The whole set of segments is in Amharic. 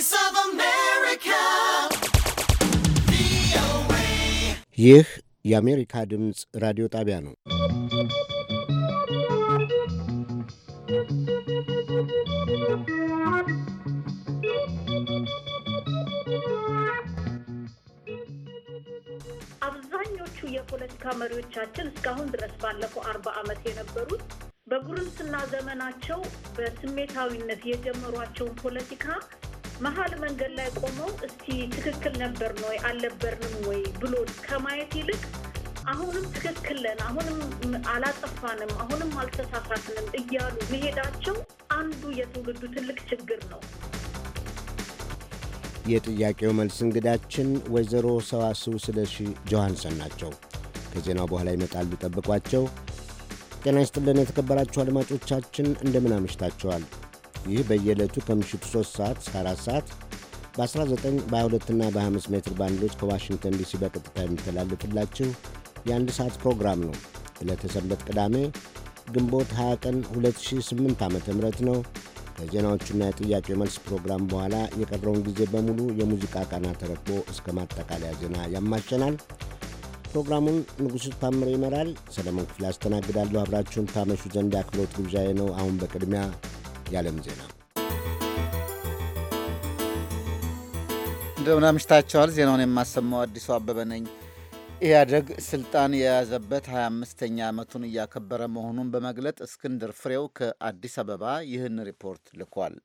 Voice of America. ይህ የአሜሪካ ድምፅ ራዲዮ ጣቢያ ነው። አብዛኞቹ የፖለቲካ መሪዎቻችን እስካሁን ድረስ ባለፈው አርባ ዓመት የነበሩት በጉርምስና ዘመናቸው በስሜታዊነት የጀመሯቸውን ፖለቲካ መሀል መንገድ ላይ ቆመው እስቲ ትክክል ነበርን ወይ አልነበርንም ወይ ብሎ ከማየት ይልቅ አሁንም ትክክልን አሁንም አላጠፋንም፣ አሁንም አልተሳሳትንም እያሉ መሄዳቸው አንዱ የትውልዱ ትልቅ ችግር ነው። የጥያቄው መልስ እንግዳችን ወይዘሮ ሰዋስው ስለሺ ጆሐንሰን ናቸው። ከዜናው በኋላ ይመጣሉ፣ ጠብቋቸው። ጤና ይስጥልን የተከበራችሁ አድማጮቻችን፣ እንደምን አምሽታችኋል? ይህ በየዕለቱ ከምሽቱ 3 ሰዓት እስከ 4 ሰዓት በ19 በ22ና በ25 ሜትር ባንዶች ከዋሽንግተን ዲሲ በቀጥታ የሚተላለፍላችሁ የአንድ ሰዓት ፕሮግራም ነው። ሰንበት ቅዳሜ ግንቦት 20 ቀን 2008 ዓ ም ነው። ከዜናዎቹና የጥያቄ መልስ ፕሮግራም በኋላ የቀረውን ጊዜ በሙሉ የሙዚቃ ቃና ተረክቦ እስከ ማጠቃለያ ዜና ያማቸናል። ፕሮግራሙን ንጉሥ ታምር ይመራል። ሰለሞን ክፍል ያስተናግዳለሁ። አብራችሁን ታመሹ ዘንድ አክብሮት ግብዣዬ ነው። አሁን በቅድሚያ የዓለም ዜና እንደምን አምሽታችኋል። ዜናውን የማሰማው አዲሱ አበበ ነኝ። ኢህአደግ ስልጣን የያዘበት 25ኛ ዓመቱን እያከበረ መሆኑን በመግለጥ እስክንድር ፍሬው ከአዲስ አበባ ይህን ሪፖርት ልኳል።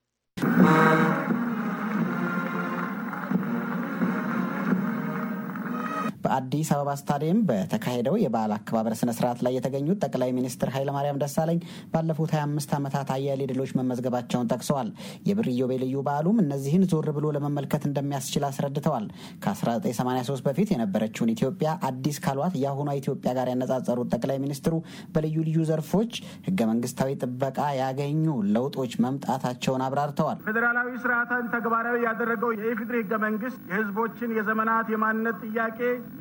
በአዲስ አበባ ስታዲየም በተካሄደው የበዓል አከባበር ስነስርዓት ላይ የተገኙት ጠቅላይ ሚኒስትር ኃይለማርያም ደሳለኝ ባለፉት 25 ዓመታት አያሌ ድሎች መመዝገባቸውን ጠቅሰዋል። የብር ኢዮቤልዩ በዓሉም እነዚህን ዞር ብሎ ለመመልከት እንደሚያስችል አስረድተዋል። ከ1983 በፊት የነበረችውን ኢትዮጵያ አዲስ ካሏት የአሁኗ ኢትዮጵያ ጋር ያነጻጸሩት ጠቅላይ ሚኒስትሩ በልዩ ልዩ ዘርፎች ህገ መንግስታዊ ጥበቃ ያገኙ ለውጦች መምጣታቸውን አብራርተዋል። ፌዴራላዊ ስርዓትን ተግባራዊ ያደረገው የኢፌዴሪ ህገ መንግስት የህዝቦችን የዘመናት የማንነት ጥያቄ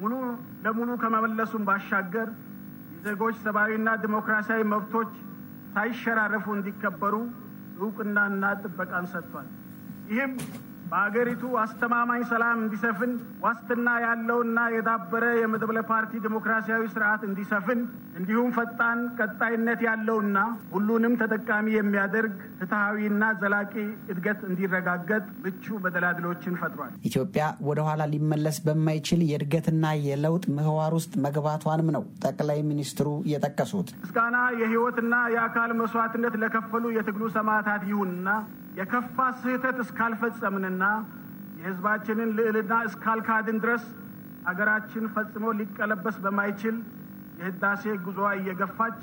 ሙሉ ለሙሉ ከመመለሱን ባሻገር የዜጎች ሰብአዊና ዲሞክራሲያዊ መብቶች ሳይሸራረፉ እንዲከበሩ እውቅናና ጥበቃን ሰጥቷል። ይህም በአገሪቱ አስተማማኝ ሰላም እንዲሰፍን ዋስትና ያለውና የዳበረ የመድበለ ፓርቲ ዲሞክራሲያዊ ስርዓት እንዲሰፍን እንዲሁም ፈጣን ቀጣይነት ያለውና ሁሉንም ተጠቃሚ የሚያደርግ ፍትሐዊና ዘላቂ እድገት እንዲረጋገጥ ምቹ መደላድሎችን ፈጥሯል። ኢትዮጵያ ወደኋላ ሊመለስ በማይችል የእድገትና የለውጥ ምህዋር ውስጥ መግባቷንም ነው ጠቅላይ ሚኒስትሩ የጠቀሱት። ምስጋና የህይወትና የአካል መስዋዕትነት ለከፈሉ የትግሉ ሰማዕታት ይሁንና የከፋ ስህተት እስካልፈጸምንና የህዝባችንን ልዕልና እስካልካድን ድረስ አገራችን ፈጽሞ ሊቀለበስ በማይችል የህዳሴ ጉዞዋ እየገፋች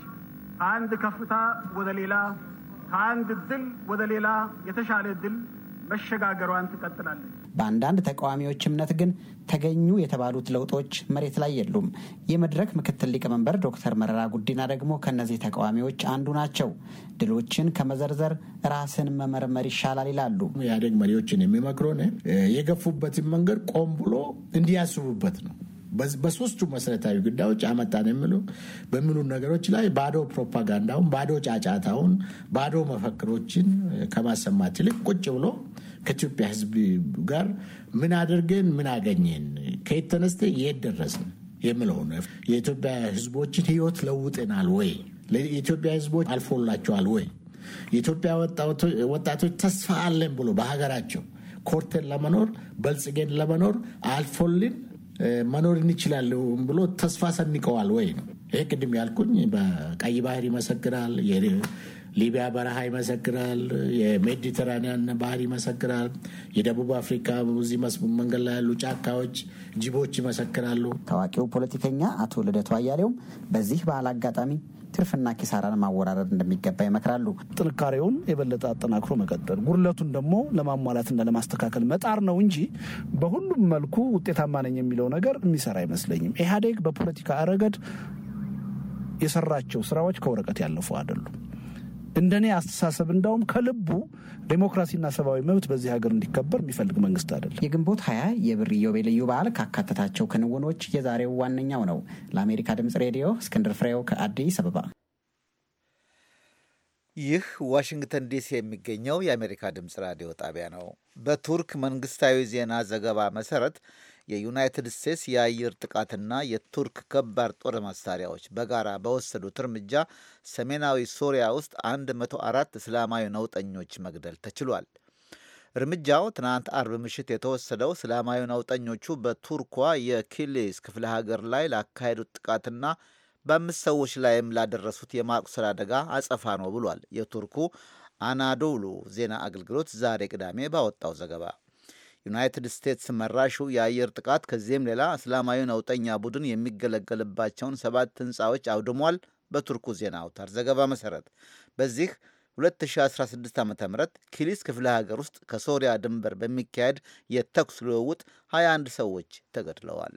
ከአንድ ከፍታ ወደ ሌላ ከአንድ ድል ወደ ሌላ የተሻለ ድል መሸጋገሯን ትቀጥላለች። በአንዳንድ ተቃዋሚዎች እምነት ግን ተገኙ የተባሉት ለውጦች መሬት ላይ የሉም። የመድረክ ምክትል ሊቀመንበር ዶክተር መረራ ጉዲና ደግሞ ከእነዚህ ተቃዋሚዎች አንዱ ናቸው። ድሎችን ከመዘርዘር ራስን መመርመር ይሻላል ይላሉ። ኢህአዴግ መሪዎችን የሚመክሮን የገፉበትን መንገድ ቆም ብሎ እንዲያስቡበት ነው። በሶስቱ መሰረታዊ ጉዳዮች አመጣን የሚሉ በሚሉ ነገሮች ላይ ባዶ ፕሮፓጋንዳውን፣ ባዶ ጫጫታውን፣ ባዶ መፈክሮችን ከማሰማት ይልቅ ቁጭ ብሎ ከኢትዮጵያ ሕዝብ ጋር ምን አድርገን ምን አገኘን፣ ከየት ተነስተ የት ደረስን የምለው ነው። የኢትዮጵያ ሕዝቦችን ህይወት ለውጠናል ወይ? የኢትዮጵያ ሕዝቦች አልፎላቸዋል ወይ? የኢትዮጵያ ወጣቶች ተስፋ አለን ብሎ በሀገራቸው ኮርተን ለመኖር በልጽጌን ለመኖር አልፎልን መኖር እንችላለን ብሎ ተስፋ ሰንቀዋል ወይ ነው። ይህ ቅድም ያልኩኝ በቀይ ባህር ይመሰክራል ሊቢያ በረሃ ይመሰክራል። የሜዲተራኒያን ባህር ይመሰክራል። የደቡብ አፍሪካ በዚህ መንገድ ላይ ያሉ ጫካዎች፣ ጅቦች ይመሰክራሉ። ታዋቂው ፖለቲከኛ አቶ ልደቱ አያሌውም በዚህ በዓል አጋጣሚ ትርፍና ኪሳራን ማወራረድ እንደሚገባ ይመክራሉ። ጥንካሬውን የበለጠ አጠናክሮ መቀጠል፣ ጉድለቱን ደግሞ ለማሟላትና ለማስተካከል መጣር ነው እንጂ በሁሉም መልኩ ውጤታማ ነኝ የሚለው ነገር የሚሰራ አይመስለኝም። ኢህአዴግ በፖለቲካ ረገድ የሰራቸው ስራዎች ከወረቀት ያለፉ አይደሉም። እንደኔ አስተሳሰብ እንዳውም ከልቡ ዴሞክራሲና ሰብአዊ መብት በዚህ ሀገር እንዲከበር የሚፈልግ መንግስት አይደለም። የግንቦት ሀያ የብር ኢዮቤልዩ በዓል ካካተታቸው ክንውኖች የዛሬው ዋነኛው ነው። ለአሜሪካ ድምጽ ሬዲዮ እስክንድር ፍሬው ከአዲስ አበባ። ይህ ዋሽንግተን ዲሲ የሚገኘው የአሜሪካ ድምፅ ራዲዮ ጣቢያ ነው። በቱርክ መንግስታዊ ዜና ዘገባ መሰረት የዩናይትድ ስቴትስ የአየር ጥቃትና የቱርክ ከባድ ጦር መሳሪያዎች በጋራ በወሰዱት እርምጃ ሰሜናዊ ሶሪያ ውስጥ 104 እስላማዊ ነውጠኞች መግደል ተችሏል። እርምጃው ትናንት አርብ ምሽት የተወሰደው እስላማዊ ነውጠኞቹ በቱርኳ የኪሊስ ክፍለ ሀገር ላይ ላካሄዱት ጥቃትና በአምስት ሰዎች ላይም ላደረሱት የማቁሰል አደጋ አጸፋ ነው ብሏል የቱርኩ አናዶሉ ዜና አገልግሎት ዛሬ ቅዳሜ ባወጣው ዘገባ። ዩናይትድ ስቴትስ መራሹ የአየር ጥቃት ከዚህም ሌላ እስላማዊ ነውጠኛ ቡድን የሚገለገልባቸውን ሰባት ህንፃዎች አውድሟል። በቱርኩ ዜና አውታር ዘገባ መሰረት በዚህ 2016 ዓ ም ኪሊስ ክፍለ ሀገር ውስጥ ከሶሪያ ድንበር በሚካሄድ የተኩስ ልውውጥ 21 ሰዎች ተገድለዋል።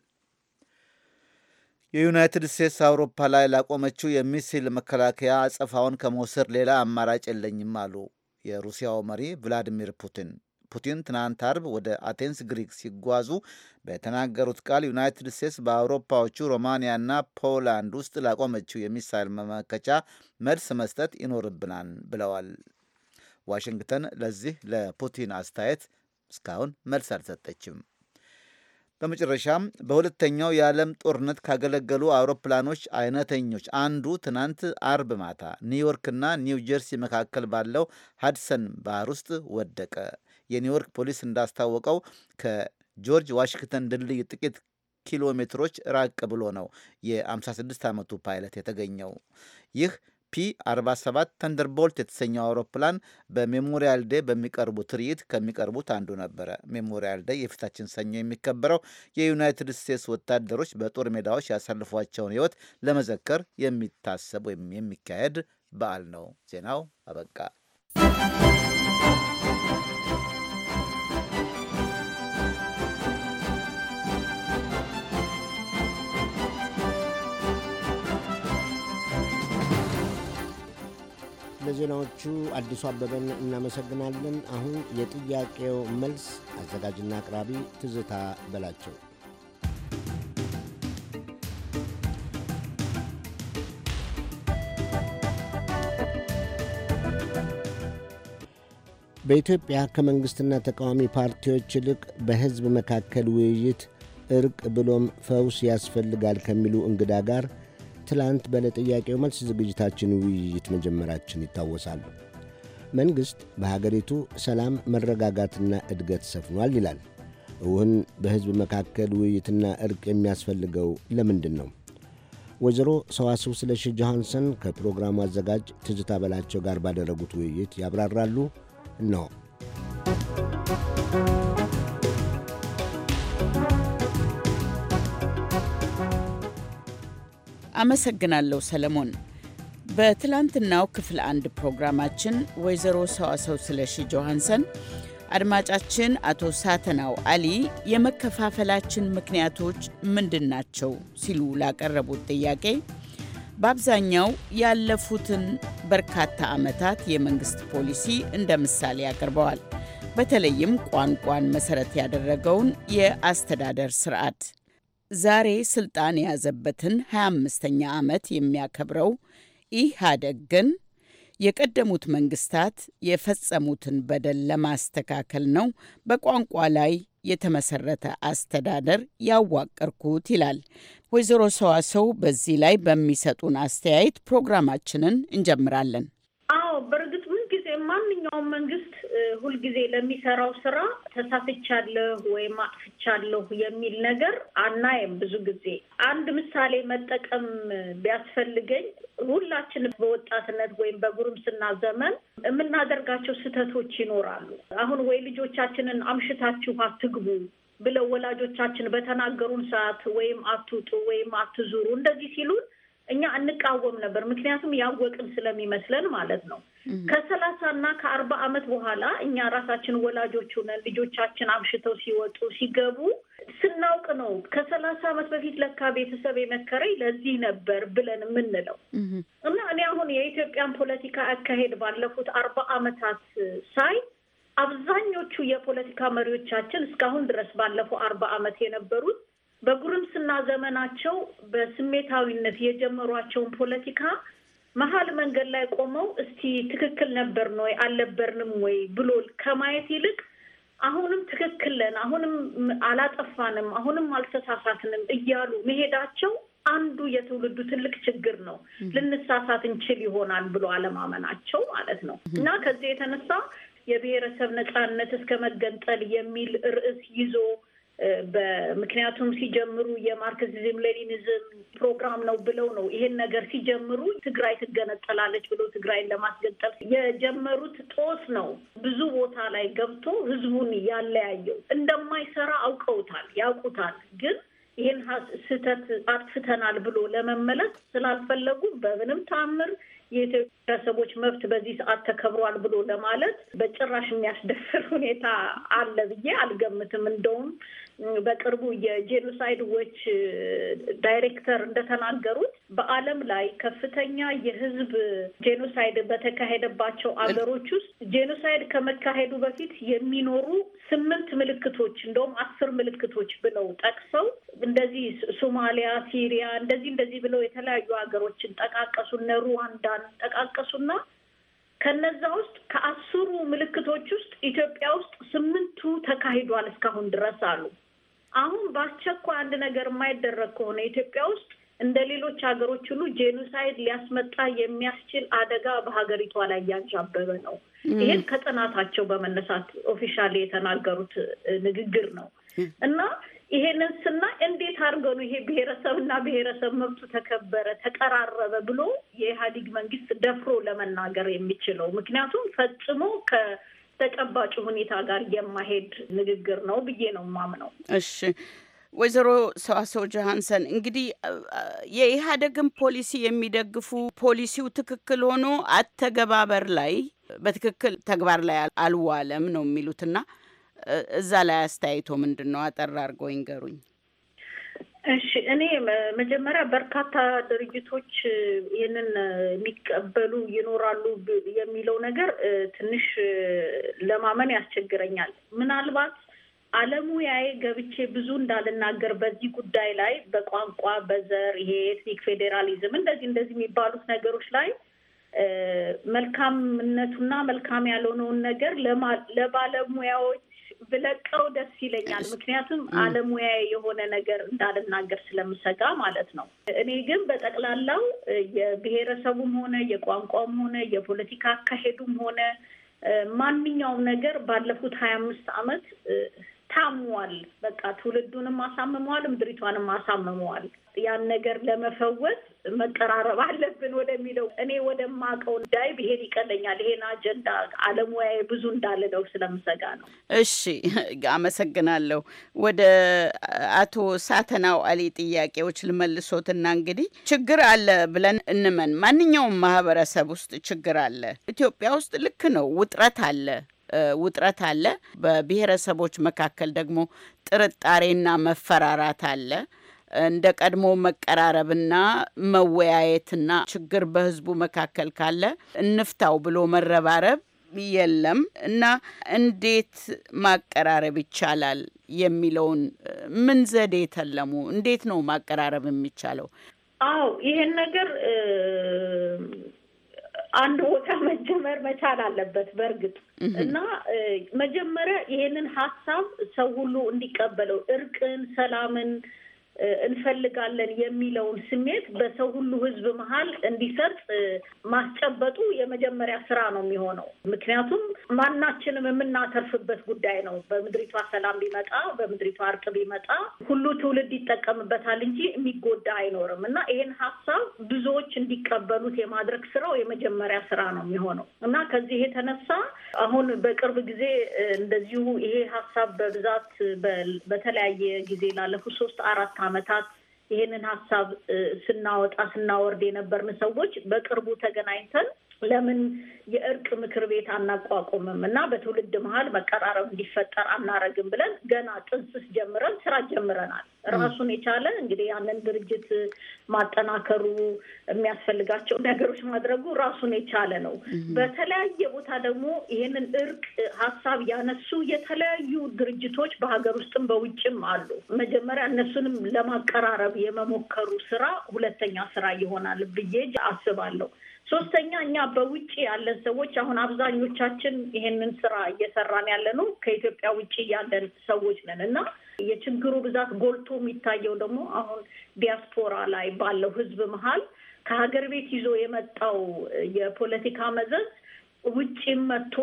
የዩናይትድ ስቴትስ አውሮፓ ላይ ላቆመችው የሚስል መከላከያ አጸፋውን ከመውሰድ ሌላ አማራጭ የለኝም አሉ የሩሲያው መሪ ቭላዲሚር ፑቲን። ፑቲን ትናንት አርብ ወደ አቴንስ ግሪክ ሲጓዙ በተናገሩት ቃል ዩናይትድ ስቴትስ በአውሮፓዎቹ ሮማኒያና ፖላንድ ውስጥ ላቆመችው የሚሳይል መመከቻ መልስ መስጠት ይኖርብናል ብለዋል። ዋሽንግተን ለዚህ ለፑቲን አስተያየት እስካሁን መልስ አልሰጠችም። በመጨረሻም በሁለተኛው የዓለም ጦርነት ካገለገሉ አውሮፕላኖች አይነተኞች አንዱ ትናንት አርብ ማታ ኒውዮርክና ኒው ጀርሲ መካከል ባለው ሀድሰን ባህር ውስጥ ወደቀ። የኒውዮርክ ፖሊስ እንዳስታወቀው ከጆርጅ ዋሽንግተን ድልድይ ጥቂት ኪሎ ሜትሮች ራቅ ብሎ ነው የ56 ዓመቱ ፓይለት የተገኘው። ይህ ፒ47 ተንደርቦልት የተሰኘው አውሮፕላን በሜሞሪያል ዴይ በሚቀርቡ ትርኢት ከሚቀርቡት አንዱ ነበረ። ሜሞሪያል ዴ የፊታችን ሰኞ የሚከበረው የዩናይትድ ስቴትስ ወታደሮች በጦር ሜዳዎች ያሳልፏቸውን ሕይወት ለመዘከር የሚታሰብ ወይም የሚካሄድ በዓል ነው። ዜናው አበቃ። ለዜናዎቹ አዲሱ አበበን እናመሰግናለን። አሁን የጥያቄው መልስ አዘጋጅና አቅራቢ ትዝታ በላቸው። በኢትዮጵያ ከመንግሥትና ተቃዋሚ ፓርቲዎች ይልቅ በሕዝብ መካከል ውይይት፣ እርቅ ብሎም ፈውስ ያስፈልጋል ከሚሉ እንግዳ ጋር ትላንት ባለጥያቄው መልስ ዝግጅታችን ውይይት መጀመራችን ይታወሳሉ። መንግሥት በሀገሪቱ ሰላም መረጋጋትና እድገት ሰፍኗል ይላል። እውን በሕዝብ መካከል ውይይትና እርቅ የሚያስፈልገው ለምንድን ነው? ወይዘሮ ሰዋስው ስለሺ ጆሐንሰን ከፕሮግራሙ አዘጋጅ ትዝታ በላቸው ጋር ባደረጉት ውይይት ያብራራሉ። ነው አመሰግናለሁ ሰለሞን። በትላንትናው ክፍል አንድ ፕሮግራማችን ወይዘሮ ሰዋሰው ስለሺ ጆሃንሰን አድማጫችን አቶ ሳተናው አሊ የመከፋፈላችን ምክንያቶች ምንድን ናቸው ሲሉ ላቀረቡት ጥያቄ በአብዛኛው ያለፉትን በርካታ ዓመታት የመንግሥት ፖሊሲ እንደ ምሳሌ አቅርበዋል። በተለይም ቋንቋን መሠረት ያደረገውን የአስተዳደር ስርዓት ዛሬ ስልጣን የያዘበትን 25ኛ ዓመት የሚያከብረው ኢህአደግ ግን የቀደሙት መንግስታት የፈጸሙትን በደል ለማስተካከል ነው በቋንቋ ላይ የተመሰረተ አስተዳደር ያዋቀርኩት ይላል። ወይዘሮ ሰዋሰው በዚህ ላይ በሚሰጡን አስተያየት ፕሮግራማችንን እንጀምራለን። አዎ በእርግጥ ሁልጊዜ ማንኛውም መንግስት ሁልጊዜ ለሚሰራው ስራ ተሳትቻለሁ ወይም አጥፍቻለሁ የሚል ነገር አናየም። ብዙ ጊዜ አንድ ምሳሌ መጠቀም ቢያስፈልገኝ ሁላችን በወጣትነት ወይም በጉርምስና ዘመን የምናደርጋቸው ስህተቶች ይኖራሉ። አሁን ወይ ልጆቻችንን አምሽታችሁ አትግቡ ብለው ወላጆቻችን በተናገሩን ሰዓት ወይም አትውጡ ወይም አትዙሩ እንደዚህ ሲሉን እኛ እንቃወም ነበር። ምክንያቱም ያወቅን ስለሚመስለን ማለት ነው። ከሰላሳ እና ከአርባ ዓመት በኋላ እኛ ራሳችን ወላጆች ሆነን ልጆቻችን አብሽተው ሲወጡ ሲገቡ ስናውቅ ነው ከሰላሳ ዓመት በፊት ለካ ቤተሰብ የመከረኝ ለዚህ ነበር ብለን የምንለው እና እኔ አሁን የኢትዮጵያን ፖለቲካ አካሄድ ባለፉት አርባ ዓመታት ሳይ አብዛኞቹ የፖለቲካ መሪዎቻችን እስካሁን ድረስ ባለፈው አርባ ዓመት የነበሩት በጉርምስና ዘመናቸው በስሜታዊነት የጀመሯቸውን ፖለቲካ መሀል መንገድ ላይ ቆመው እስቲ ትክክል ነበርን ወይ አልነበርንም ወይ ብሎ ከማየት ይልቅ አሁንም ትክክል ነን፣ አሁንም አላጠፋንም፣ አሁንም አልተሳሳትንም እያሉ መሄዳቸው አንዱ የትውልዱ ትልቅ ችግር ነው። ልንሳሳት እንችል ይሆናል ብሎ አለማመናቸው ማለት ነው እና ከዚህ የተነሳ የብሔረሰብ ነጻነት እስከ መገንጠል የሚል ርዕስ ይዞ በምክንያቱም ሲጀምሩ የማርክሲዝም ሌኒኒዝም ፕሮግራም ነው ብለው ነው ይሄን ነገር ሲጀምሩ ትግራይ ትገነጠላለች ብሎ ትግራይን ለማስገጠል የጀመሩት ጦስ ነው ብዙ ቦታ ላይ ገብቶ ህዝቡን ያለያየው። እንደማይሰራ አውቀውታል፣ ያውቁታል። ግን ይህን ስህተት አጥፍተናል ብሎ ለመመለስ ስላልፈለጉ በምንም ተአምር የኢትዮጵያ መብት በዚህ ሰዓት ተከብሯል ብሎ ለማለት በጭራሽ የሚያስደፍር ሁኔታ አለ ብዬ አልገምትም። እንደውም በቅርቡ የጄኖሳይድ ዎች ዳይሬክተር እንደተናገሩት በዓለም ላይ ከፍተኛ የህዝብ ጄኖሳይድ በተካሄደባቸው አገሮች ውስጥ ጄኖሳይድ ከመካሄዱ በፊት የሚኖሩ ስምንት ምልክቶች እንደውም አስር ምልክቶች ብለው ጠቅሰው እንደዚህ ሶማሊያ፣ ሲሪያ እንደዚህ እንደዚህ ብለው የተለያዩ ሀገሮችን ጠቃቀሱ፣ እነ ሩዋንዳን ጠቃቀሱና ከነዛ ውስጥ ከአስሩ ምልክቶች ውስጥ ኢትዮጵያ ውስጥ ስምንቱ ተካሂዷል እስካሁን ድረስ አሉ። አሁን በአስቸኳይ አንድ ነገር የማይደረግ ከሆነ ኢትዮጵያ ውስጥ እንደ ሌሎች ሀገሮች ሁሉ ጄኖሳይድ ሊያስመጣ የሚያስችል አደጋ በሀገሪቷ ላይ እያንዣበበ ነው። ይሄን ከጥናታቸው በመነሳት ኦፊሻል የተናገሩት ንግግር ነው እና ይሄንን ስና እንዴት አድርገው ነው ይሄ ብሔረሰብና ብሔረሰብ መብቱ ተከበረ፣ ተቀራረበ ብሎ የኢህአዴግ መንግስት ደፍሮ ለመናገር የሚችለው? ምክንያቱም ፈጽሞ ከ- ተጨባጭ ሁኔታ ጋር የማሄድ ንግግር ነው ብዬ ነው የማምነው። እሺ ወይዘሮ ሰዋሰው ጆሀንሰን እንግዲህ የኢህአደግን ፖሊሲ የሚደግፉ ፖሊሲው ትክክል ሆኖ አተገባበር ላይ በትክክል ተግባር ላይ አልዋለም ነው የሚሉትና እዛ ላይ አስተያየቶ ምንድን ነው? አጠር አድርገው ይንገሩኝ። እሺ እኔ መጀመሪያ በርካታ ድርጅቶች ይህንን የሚቀበሉ ይኖራሉ የሚለው ነገር ትንሽ ለማመን ያስቸግረኛል። ምናልባት አለሙያዬ ገብቼ ብዙ እንዳልናገር በዚህ ጉዳይ ላይ በቋንቋ፣ በዘር፣ ይሄ ኤትኒክ ፌዴራሊዝም እንደዚህ እንደዚህ የሚባሉት ነገሮች ላይ መልካምነቱና መልካም ያልሆነውን ነገር ለባለሙያዎች ብለቀው ደስ ይለኛል። ምክንያቱም አለሙያዬ የሆነ ነገር እንዳልናገር ስለምሰጋ ማለት ነው። እኔ ግን በጠቅላላው የብሔረሰቡም ሆነ የቋንቋውም ሆነ የፖለቲካ አካሄዱም ሆነ ማንኛውም ነገር ባለፉት ሀያ አምስት አመት ። ታሟል። በቃ ትውልዱንም አሳምመዋል፣ ምድሪቷንም አሳምመዋል። ያን ነገር ለመፈወስ መቀራረብ አለብን ወደሚለው እኔ ወደማውቀው እንዳይ ብሄድ ይቀለኛል። ይሄን አጀንዳ አለሙያዬ ብዙ ነው ስለምሰጋ ነው። እሺ፣ አመሰግናለሁ። ወደ አቶ ሳተናው አሊ ጥያቄዎች ልመልሶትና እንግዲህ ችግር አለ ብለን እንመን፣ ማንኛውም ማህበረሰብ ውስጥ ችግር አለ። ኢትዮጵያ ውስጥ ልክ ነው፣ ውጥረት አለ ውጥረት አለ። በብሔረሰቦች መካከል ደግሞ ጥርጣሬና መፈራራት አለ። እንደ ቀድሞ መቀራረብና መወያየትና ችግር በህዝቡ መካከል ካለ እንፍታው ብሎ መረባረብ የለም እና እንዴት ማቀራረብ ይቻላል የሚለውን ምን ዘዴ የተለሙ እንዴት ነው ማቀራረብ የሚቻለው? አዎ ይሄን ነገር አንድ ቦታ መጀመር መቻል አለበት። በእርግጥ እና መጀመሪያ ይሄንን ሀሳብ ሰው ሁሉ እንዲቀበለው እርቅን፣ ሰላምን እንፈልጋለን የሚለውን ስሜት በሰው ሁሉ ህዝብ መሀል እንዲሰጥ ማስጨበጡ የመጀመሪያ ስራ ነው የሚሆነው። ምክንያቱም ማናችንም የምናተርፍበት ጉዳይ ነው። በምድሪቷ ሰላም ቢመጣ፣ በምድሪቷ እርቅ ቢመጣ ሁሉ ትውልድ ይጠቀምበታል እንጂ የሚጎዳ አይኖርም እና ይህን ሀሳብ ብዙዎች እንዲቀበሉት የማድረግ ስራው የመጀመሪያ ስራ ነው የሚሆነው እና ከዚህ የተነሳ አሁን በቅርብ ጊዜ እንደዚሁ ይሄ ሀሳብ በብዛት በተለያየ ጊዜ ላለፉት ሶስት አራት ዓመታት ይሄንን ሀሳብ ስናወጣ ስናወርድ የነበርን ሰዎች በቅርቡ ተገናኝተን ለምን የእርቅ ምክር ቤት አናቋቁምም እና በትውልድ መሀል መቀራረብ እንዲፈጠር አናረግም ብለን ገና ጥንስስ ጀምረን ስራ ጀምረናል። ራሱን የቻለ እንግዲህ ያንን ድርጅት ማጠናከሩ የሚያስፈልጋቸው ነገሮች ማድረጉ ራሱን የቻለ ነው። በተለያየ ቦታ ደግሞ ይህንን እርቅ ሀሳብ ያነሱ የተለያዩ ድርጅቶች በሀገር ውስጥም በውጭም አሉ። መጀመሪያ እነሱንም ለማቀራረብ የመሞከሩ ስራ ሁለተኛ ስራ ይሆናል ብዬ አስባለሁ። ሶስተኛ እኛ በውጭ ያለን ሰዎች አሁን አብዛኞቻችን ይሄንን ስራ እየሰራን ያለ ነው ከኢትዮጵያ ውጭ ያለን ሰዎች ነን እና የችግሩ ብዛት ጎልቶ የሚታየው ደግሞ አሁን ዲያስፖራ ላይ ባለው ህዝብ መሀል ከሀገር ቤት ይዞ የመጣው የፖለቲካ መዘዝ ውጭም መጥቶ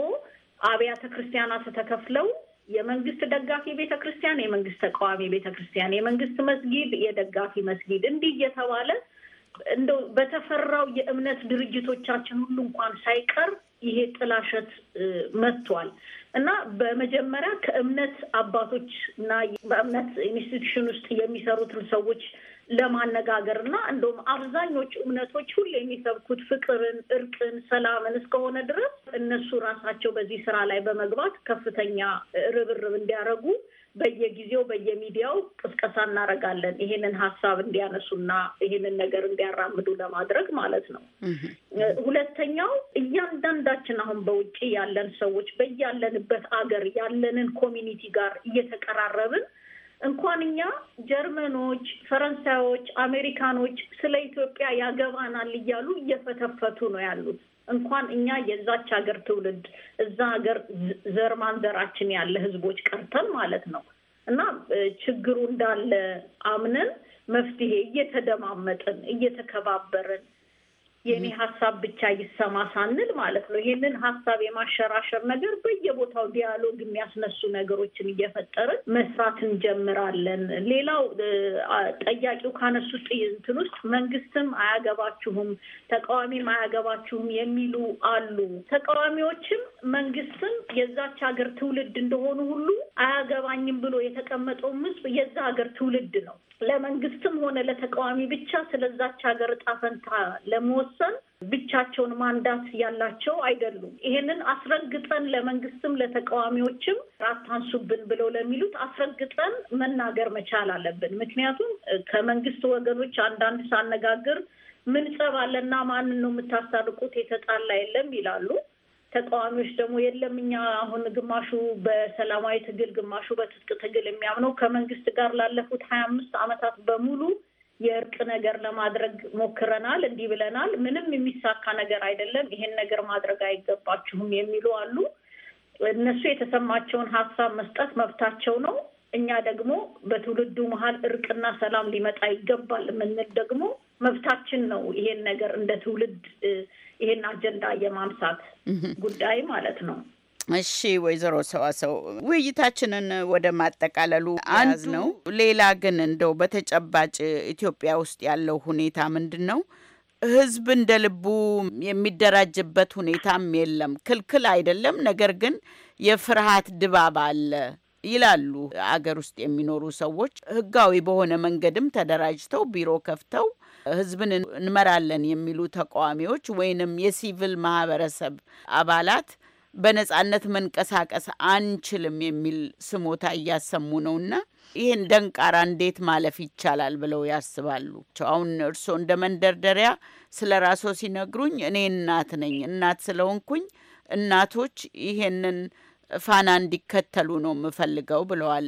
አብያተ ክርስቲያናት ተከፍለው የመንግስት ደጋፊ ቤተ ክርስቲያን፣ የመንግስት ተቃዋሚ ቤተ ክርስቲያን፣ የመንግስት መስጊድ፣ የደጋፊ መስጊድ እንዲህ እየተባለ እንደው በተፈራው የእምነት ድርጅቶቻችን ሁሉ እንኳን ሳይቀር ይሄ ጥላሸት መጥቷል እና በመጀመሪያ ከእምነት አባቶች እና በእምነት ኢንስቲትዩሽን ውስጥ የሚሰሩትን ሰዎች ለማነጋገር እና እንደውም አብዛኞቹ እምነቶች ሁሉ የሚሰብኩት ፍቅርን፣ እርቅን፣ ሰላምን እስከሆነ ድረስ እነሱ ራሳቸው በዚህ ስራ ላይ በመግባት ከፍተኛ ርብርብ እንዲያደርጉ በየጊዜው በየሚዲያው ቅስቀሳ እናደርጋለን። ይሄንን ሀሳብ እንዲያነሱና ይሄንን ነገር እንዲያራምዱ ለማድረግ ማለት ነው። ሁለተኛው እያንዳንዳችን አሁን በውጭ ያለን ሰዎች በያለንበት አገር ያለንን ኮሚኒቲ ጋር እየተቀራረብን እንኳን እኛ ጀርመኖች፣ ፈረንሳዮች፣ አሜሪካኖች ስለ ኢትዮጵያ ያገባናል እያሉ እየፈተፈቱ ነው ያሉት። እንኳን እኛ የዛች ሀገር ትውልድ እዛ ሀገር ዘር ማንዘራችን ያለ ህዝቦች ቀርተን ማለት ነው እና ችግሩ እንዳለ አምነን መፍትሄ እየተደማመጥን እየተከባበርን የኔ ሀሳብ ብቻ ይሰማ ሳንል ማለት ነው። ይህንን ሀሳብ የማሸራሸር ነገር በየቦታው ዲያሎግ የሚያስነሱ ነገሮችን እየፈጠርን መስራት እንጀምራለን። ሌላው ጠያቂው ካነሱት እንትን ውስጥ መንግስትም አያገባችሁም፣ ተቃዋሚም አያገባችሁም የሚሉ አሉ። ተቃዋሚዎችም መንግስትም የዛች ሀገር ትውልድ እንደሆኑ ሁሉ አያገባኝም ብሎ የተቀመጠው ምስብ የዛ ሀገር ትውልድ ነው። ለመንግስትም ሆነ ለተቃዋሚ ብቻ ስለዛች ሀገር እጣ ፈንታ ለመወሰን ብቻቸውን ማንዳት ያላቸው አይደሉም። ይሄንን አስረግጠን ለመንግስትም ለተቃዋሚዎችም አታንሱብን ብለው ለሚሉት አስረግጠን መናገር መቻል አለብን። ምክንያቱም ከመንግስት ወገኖች አንዳንድ ሳነጋግር ምን ጸብ አለና ማንን ነው የምታስታርቁት? የተጣላ የለም ይላሉ። ተቃዋሚዎች ደግሞ የለም እኛ አሁን ግማሹ በሰላማዊ ትግል ግማሹ በትጥቅ ትግል የሚያምነው ከመንግስት ጋር ላለፉት ሀያ አምስት ዓመታት በሙሉ የእርቅ ነገር ለማድረግ ሞክረናል፣ እንዲህ ብለናል፣ ምንም የሚሳካ ነገር አይደለም፣ ይሄን ነገር ማድረግ አይገባችሁም የሚሉ አሉ። እነሱ የተሰማቸውን ሀሳብ መስጠት መብታቸው ነው። እኛ ደግሞ በትውልዱ መሀል እርቅና ሰላም ሊመጣ ይገባል የምንል ደግሞ መብታችን ነው። ይሄን ነገር እንደ ትውልድ ይሄን አጀንዳ የማንሳት ጉዳይ ማለት ነው። እሺ ወይዘሮ ሰዋሰው ውይይታችንን ወደ ማጠቃለሉ አንዱ ነው። ሌላ ግን እንደው በተጨባጭ ኢትዮጵያ ውስጥ ያለው ሁኔታ ምንድን ነው? ህዝብ እንደ ልቡ የሚደራጅበት ሁኔታም የለም። ክልክል አይደለም፣ ነገር ግን የፍርሃት ድባብ አለ ይላሉ አገር ውስጥ የሚኖሩ ሰዎች። ህጋዊ በሆነ መንገድም ተደራጅተው ቢሮ ከፍተው ህዝብን እንመራለን የሚሉ ተቃዋሚዎች ወይንም የሲቪል ማህበረሰብ አባላት በነጻነት መንቀሳቀስ አንችልም የሚል ስሞታ እያሰሙ ነውና ይህን ደንቃራ እንዴት ማለፍ ይቻላል ብለው ያስባሉ? አሁን እርስዎ እንደ መንደርደሪያ ስለ ራስዎ ሲነግሩኝ እኔ እናት ነኝ። እናት ስለሆንኩኝ እናቶች ይሄንን ፋና እንዲከተሉ ነው የምፈልገው ብለዋል።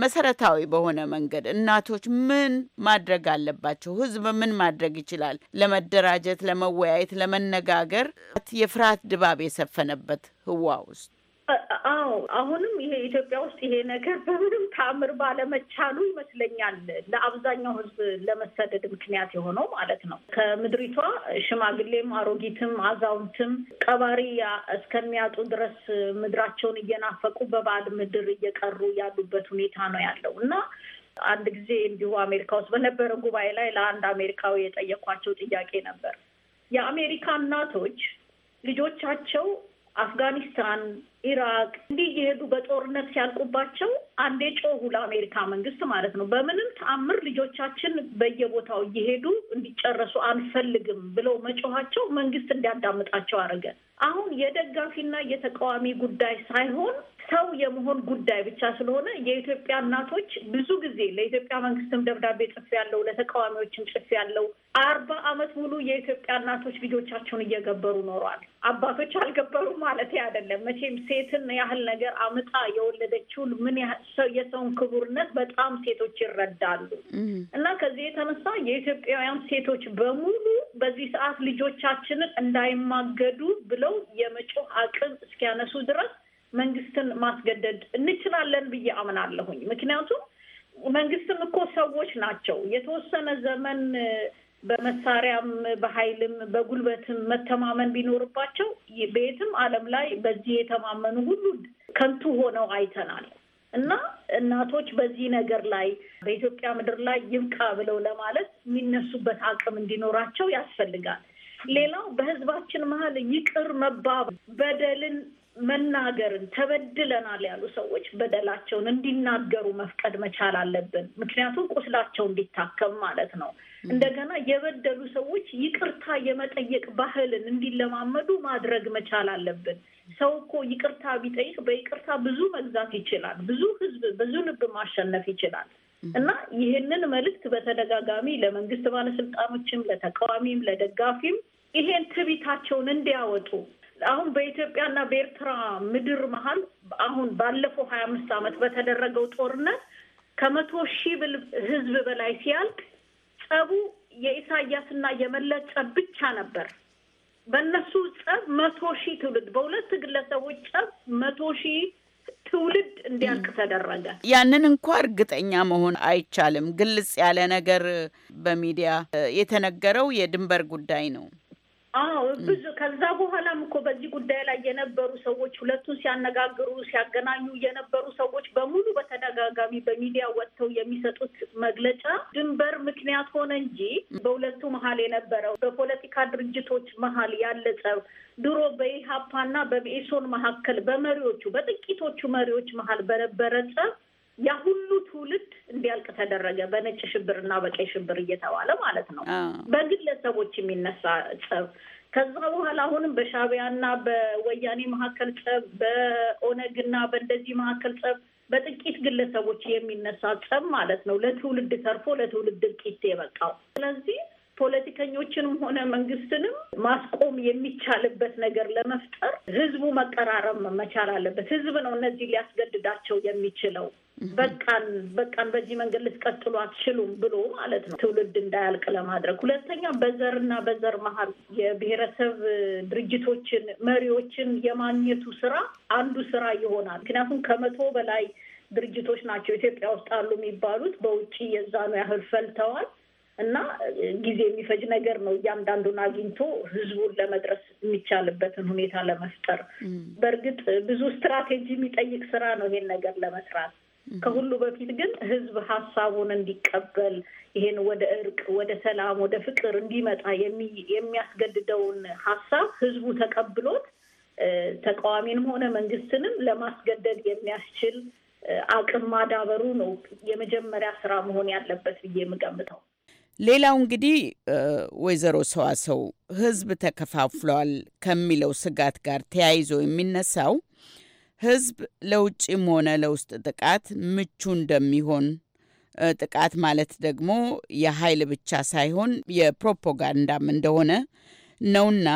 መሰረታዊ በሆነ መንገድ እናቶች ምን ማድረግ አለባቸው? ህዝብ ምን ማድረግ ይችላል? ለመደራጀት፣ ለመወያየት፣ ለመነጋገር የፍርሃት ድባብ የሰፈነበት ህዋ ውስጥ አዎ አሁንም ይሄ ኢትዮጵያ ውስጥ ይሄ ነገር በምንም ተአምር ባለመቻሉ ይመስለኛል ለአብዛኛው ሕዝብ ለመሰደድ ምክንያት የሆነው ማለት ነው። ከምድሪቷ ሽማግሌም፣ አሮጊትም፣ አዛውንትም ቀባሪ እስከሚያጡ ድረስ ምድራቸውን እየናፈቁ በባዕድ ምድር እየቀሩ ያሉበት ሁኔታ ነው ያለው እና አንድ ጊዜ እንዲሁ አሜሪካ ውስጥ በነበረ ጉባኤ ላይ ለአንድ አሜሪካዊ የጠየኳቸው ጥያቄ ነበር የአሜሪካ እናቶች ልጆቻቸው አፍጋኒስታን፣ ኢራቅ እንዲህ እየሄዱ በጦርነት ሲያልቁባቸው አንዴ ጮሁ ለአሜሪካ መንግስት ማለት ነው። በምንም ተአምር ልጆቻችን በየቦታው እየሄዱ እንዲጨረሱ አንፈልግም ብለው መጮኋቸው መንግስት እንዲያዳምጣቸው አድርገ አሁን የደጋፊና የተቃዋሚ ጉዳይ ሳይሆን ሰው የመሆን ጉዳይ ብቻ ስለሆነ የኢትዮጵያ እናቶች ብዙ ጊዜ ለኢትዮጵያ መንግስትም ደብዳቤ ጽፍ ያለው ለተቃዋሚዎችም ጽፍ ያለው አርባ አመት ሙሉ የኢትዮጵያ እናቶች ልጆቻቸውን እየገበሩ ኖሯል። አባቶች አልገበሩም ማለት አይደለም። መቼም ሴትን ያህል ነገር አምጣ የወለደችውን ምን ያህል የሰውን ክቡርነት በጣም ሴቶች ይረዳሉ እና ከዚህ የተነሳ የኢትዮጵያውያን ሴቶች በሙሉ በዚህ ሰዓት ልጆቻችንን እንዳይማገዱ ብለው የመጮህ አቅም እስኪያነሱ ድረስ መንግስትን ማስገደድ እንችላለን ብዬ አምናለሁኝ። ምክንያቱም መንግስትም እኮ ሰዎች ናቸው። የተወሰነ ዘመን በመሳሪያም በኃይልም በጉልበትም መተማመን ቢኖርባቸው በየትም ዓለም ላይ በዚህ የተማመኑ ሁሉ ከንቱ ሆነው አይተናል። እና እናቶች በዚህ ነገር ላይ በኢትዮጵያ ምድር ላይ ይብቃ ብለው ለማለት የሚነሱበት አቅም እንዲኖራቸው ያስፈልጋል። ሌላው በህዝባችን መሀል ይቅር መባብ በደልን መናገርን ተበድለናል ያሉ ሰዎች በደላቸውን እንዲናገሩ መፍቀድ መቻል አለብን። ምክንያቱም ቁስላቸው እንዲታከም ማለት ነው። እንደገና የበደሉ ሰዎች ይቅርታ የመጠየቅ ባህልን እንዲለማመዱ ማድረግ መቻል አለብን። ሰው እኮ ይቅርታ ቢጠይቅ በይቅርታ ብዙ መግዛት ይችላል። ብዙ ህዝብ፣ ብዙ ልብ ማሸነፍ ይችላል። እና ይህንን መልእክት በተደጋጋሚ ለመንግስት ባለስልጣኖችም፣ ለተቃዋሚም፣ ለደጋፊም ይሄን ትቢታቸውን እንዲያወጡ አሁን በኢትዮጵያና በኤርትራ ምድር መሀል አሁን ባለፈው ሀያ አምስት ዓመት በተደረገው ጦርነት ከመቶ ሺህ ብል ህዝብ በላይ ሲያልቅ ጸቡ የኢሳያስና የመለስ ጸብ ብቻ ነበር። በእነሱ ጸብ መቶ ሺህ ትውልድ በሁለት ግለሰቦች ጸብ መቶ ሺህ ትውልድ እንዲያልቅ ተደረገ። ያንን እንኳ እርግጠኛ መሆን አይቻልም። ግልጽ ያለ ነገር በሚዲያ የተነገረው የድንበር ጉዳይ ነው። አዎ ብዙ ከዛ በኋላም እኮ በዚህ ጉዳይ ላይ የነበሩ ሰዎች ሁለቱን ሲያነጋግሩ ሲያገናኙ የነበሩ ሰዎች በሙሉ በተደጋጋሚ በሚዲያ ወጥተው የሚሰጡት መግለጫ ድንበር ምክንያት ሆነ እንጂ በሁለቱ መሀል የነበረው በፖለቲካ ድርጅቶች መሀል ያለ ጸብ ድሮ በኢሀፓና በብኤሶን መካከል በመሪዎቹ በጥቂቶቹ መሪዎች መሀል በነበረ ጸብ ያ ሁሉ ትውልድ እንዲያልቅ ተደረገ። በነጭ ሽብር እና በቀይ ሽብር እየተባለ ማለት ነው። በግለሰቦች የሚነሳ ጸብ ከዛ በኋላ አሁንም በሻቢያና በወያኔ መካከል ጸብ፣ በኦነግና በእንደዚህ መካከል ጸብ፣ በጥቂት ግለሰቦች የሚነሳ ጸብ ማለት ነው። ለትውልድ ተርፎ ለትውልድ እልቂት የበቃው ስለዚህ ፖለቲከኞችንም ሆነ መንግስትንም ማስቆም የሚቻልበት ነገር ለመፍጠር ህዝቡ መቀራረብ መቻል አለበት። ህዝብ ነው እነዚህ ሊያስገድዳቸው የሚችለው። በቃን በቃን በዚህ መንገድ ልትቀጥሉ አትችሉም ብሎ ማለት ነው፣ ትውልድ እንዳያልቅ ለማድረግ። ሁለተኛ በዘርና በዘር መሀል የብሔረሰብ ድርጅቶችን መሪዎችን የማግኘቱ ስራ አንዱ ስራ ይሆናል። ምክንያቱም ከመቶ በላይ ድርጅቶች ናቸው ኢትዮጵያ ውስጥ አሉ የሚባሉት። በውጭ የዛኑ ያህል ፈልተዋል። እና ጊዜ የሚፈጅ ነገር ነው። እያንዳንዱን አግኝቶ ህዝቡን ለመድረስ የሚቻልበትን ሁኔታ ለመፍጠር በእርግጥ ብዙ ስትራቴጂ የሚጠይቅ ስራ ነው ይሄን ነገር ለመስራት። ከሁሉ በፊት ግን ህዝብ ሀሳቡን እንዲቀበል ይሄን ወደ እርቅ፣ ወደ ሰላም፣ ወደ ፍቅር እንዲመጣ የሚያስገድደውን ሀሳብ ህዝቡ ተቀብሎት ተቃዋሚንም ሆነ መንግስትንም ለማስገደድ የሚያስችል አቅም ማዳበሩ ነው የመጀመሪያ ስራ መሆን ያለበት ብዬ የምገምተው። ሌላው እንግዲህ ወይዘሮ ሰዋሰው ህዝብ ተከፋፍሏል ከሚለው ስጋት ጋር ተያይዞ የሚነሳው ህዝብ ለውጭም ሆነ ለውስጥ ጥቃት ምቹ እንደሚሆን ጥቃት ማለት ደግሞ የኃይል ብቻ ሳይሆን የፕሮፓጋንዳም እንደሆነ ነውና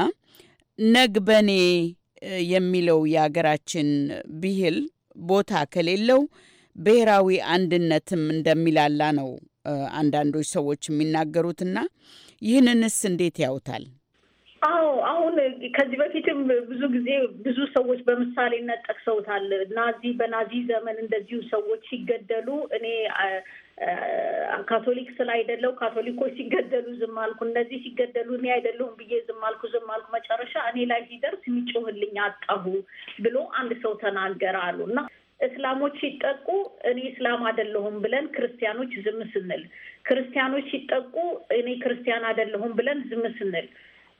ነግበኔ የሚለው የሀገራችን ብሂል ቦታ ከሌለው ብሔራዊ አንድነትም እንደሚላላ ነው አንዳንዶች ሰዎች የሚናገሩትና ይህንንስ እንዴት ያውታል? አዎ አሁን ከዚህ በፊትም ብዙ ጊዜ ብዙ ሰዎች በምሳሌነት ጠቅሰውታል። ናዚ በናዚ ዘመን እንደዚሁ ሰዎች ሲገደሉ እኔ ካቶሊክ ስላይደለው ካቶሊኮች ሲገደሉ ዝም አልኩ፣ እነዚህ ሲገደሉ እኔ አይደለሁም ብዬ ዝም አልኩ ዝም አልኩ፣ መጨረሻ እኔ ላይ ሲደርስ የሚጮህልኝ አጣሁ ብሎ አንድ ሰው ተናገረ አሉ እና እስላሞች ሲጠቁ እኔ እስላም አይደለሁም ብለን ክርስቲያኖች ዝም ስንል፣ ክርስቲያኖች ሲጠቁ እኔ ክርስቲያን አይደለሁም ብለን ዝም ስንል፣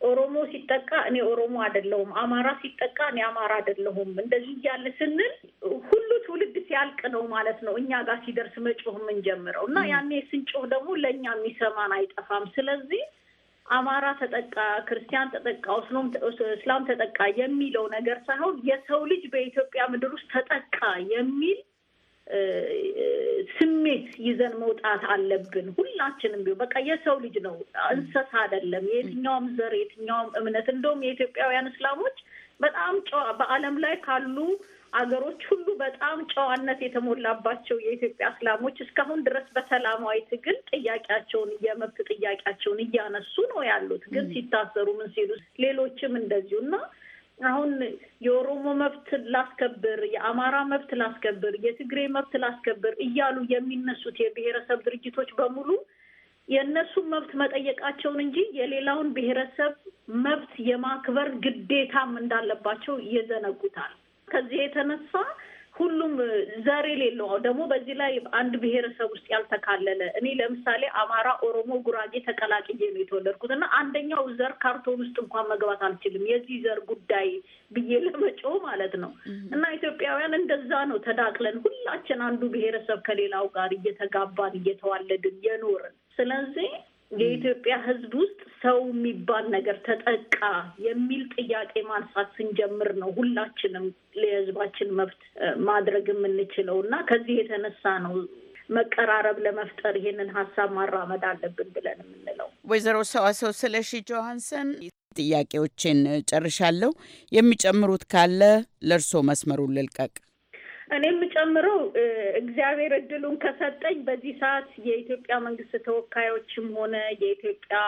ኦሮሞ ሲጠቃ እኔ ኦሮሞ አይደለሁም፣ አማራ ሲጠቃ እኔ አማራ አይደለሁም፣ እንደዚህ እያለ ስንል ሁሉ ትውልድ ሲያልቅ ነው ማለት ነው እኛ ጋር ሲደርስ መጮህ የምንጀምረው እና ያኔ ስንጮህ ደግሞ ለእኛ የሚሰማን አይጠፋም። ስለዚህ አማራ ተጠቃ፣ ክርስቲያን ተጠቃ፣ እስላም ተጠቃ የሚለው ነገር ሳይሆን የሰው ልጅ በኢትዮጵያ ምድር ውስጥ ተጠቃ የሚል ስሜት ይዘን መውጣት አለብን። ሁላችንም ቢሆን በቃ የሰው ልጅ ነው፣ እንስሳ አይደለም። የትኛውም ዘር፣ የትኛውም እምነት እንደውም የኢትዮጵያውያን እስላሞች በጣም በዓለም ላይ ካሉ አገሮች ሁሉ በጣም ጨዋነት የተሞላባቸው የኢትዮጵያ እስላሞች እስካሁን ድረስ በሰላማዊ ትግል ጥያቄያቸውን የመብት ጥያቄያቸውን እያነሱ ነው ያሉት። ግን ሲታሰሩ ምን ሲሉ ሌሎችም እንደዚሁ እና አሁን የኦሮሞ መብት ላስከብር፣ የአማራ መብት ላስከብር፣ የትግሬ መብት ላስከብር እያሉ የሚነሱት የብሔረሰብ ድርጅቶች በሙሉ የእነሱን መብት መጠየቃቸውን እንጂ የሌላውን ብሔረሰብ መብት የማክበር ግዴታም እንዳለባቸው ይዘነጉታል። ከዚህ የተነሳ ሁሉም ዘር የሌለው ደግሞ በዚህ ላይ አንድ ብሔረሰብ ውስጥ ያልተካለለ እኔ ለምሳሌ አማራ፣ ኦሮሞ፣ ጉራጌ ተቀላቅዬ ነው የተወለድኩት እና አንደኛው ዘር ካርቶን ውስጥ እንኳን መግባት አልችልም የዚህ ዘር ጉዳይ ብዬ ለመጮው ማለት ነው። እና ኢትዮጵያውያን እንደዛ ነው ተዳቅለን ሁላችን አንዱ ብሔረሰብ ከሌላው ጋር እየተጋባን እየተዋለድን የኖርን ስለዚህ የኢትዮጵያ ሕዝብ ውስጥ ሰው የሚባል ነገር ተጠቃ የሚል ጥያቄ ማንሳት ስንጀምር ነው ሁላችንም ለሕዝባችን መብት ማድረግ የምንችለው እና ከዚህ የተነሳ ነው መቀራረብ ለመፍጠር ይህንን ሀሳብ ማራመድ አለብን ብለን የምንለው። ወይዘሮ ሰዋሰው ስለሺ ጆሀንሰን ጥያቄዎችን ጨርሻለሁ። የሚጨምሩት ካለ ለእርሶ መስመሩን ልልቀቅ። እኔ የምጨምረው እግዚአብሔር እድሉን ከሰጠኝ በዚህ ሰዓት የኢትዮጵያ መንግስት ተወካዮችም ሆነ የኢትዮጵያ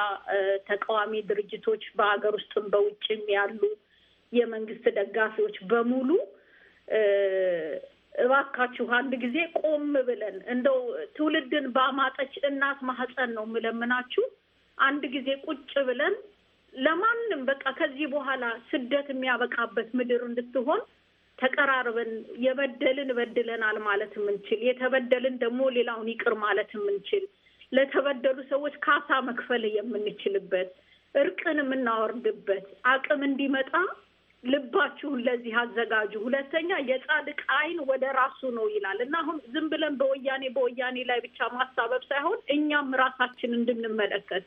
ተቃዋሚ ድርጅቶች በሀገር ውስጥም በውጭም ያሉ የመንግስት ደጋፊዎች በሙሉ እባካችሁ አንድ ጊዜ ቆም ብለን እንደው ትውልድን በአማጠች እናት ማህፀን ነው የምለምናችሁ። አንድ ጊዜ ቁጭ ብለን ለማንም በቃ ከዚህ በኋላ ስደት የሚያበቃበት ምድር እንድትሆን ተቀራርበን የበደልን በድለናል ማለት የምንችል የተበደልን ደግሞ ሌላውን ይቅር ማለት የምንችል ለተበደሉ ሰዎች ካሳ መክፈል የምንችልበት እርቅን የምናወርድበት አቅም እንዲመጣ ልባችሁን ለዚህ አዘጋጁ። ሁለተኛ የጻድቅ ዓይን ወደ ራሱ ነው ይላል እና አሁን ዝም ብለን በወያኔ በወያኔ ላይ ብቻ ማሳበብ ሳይሆን እኛም ራሳችን እንድንመለከት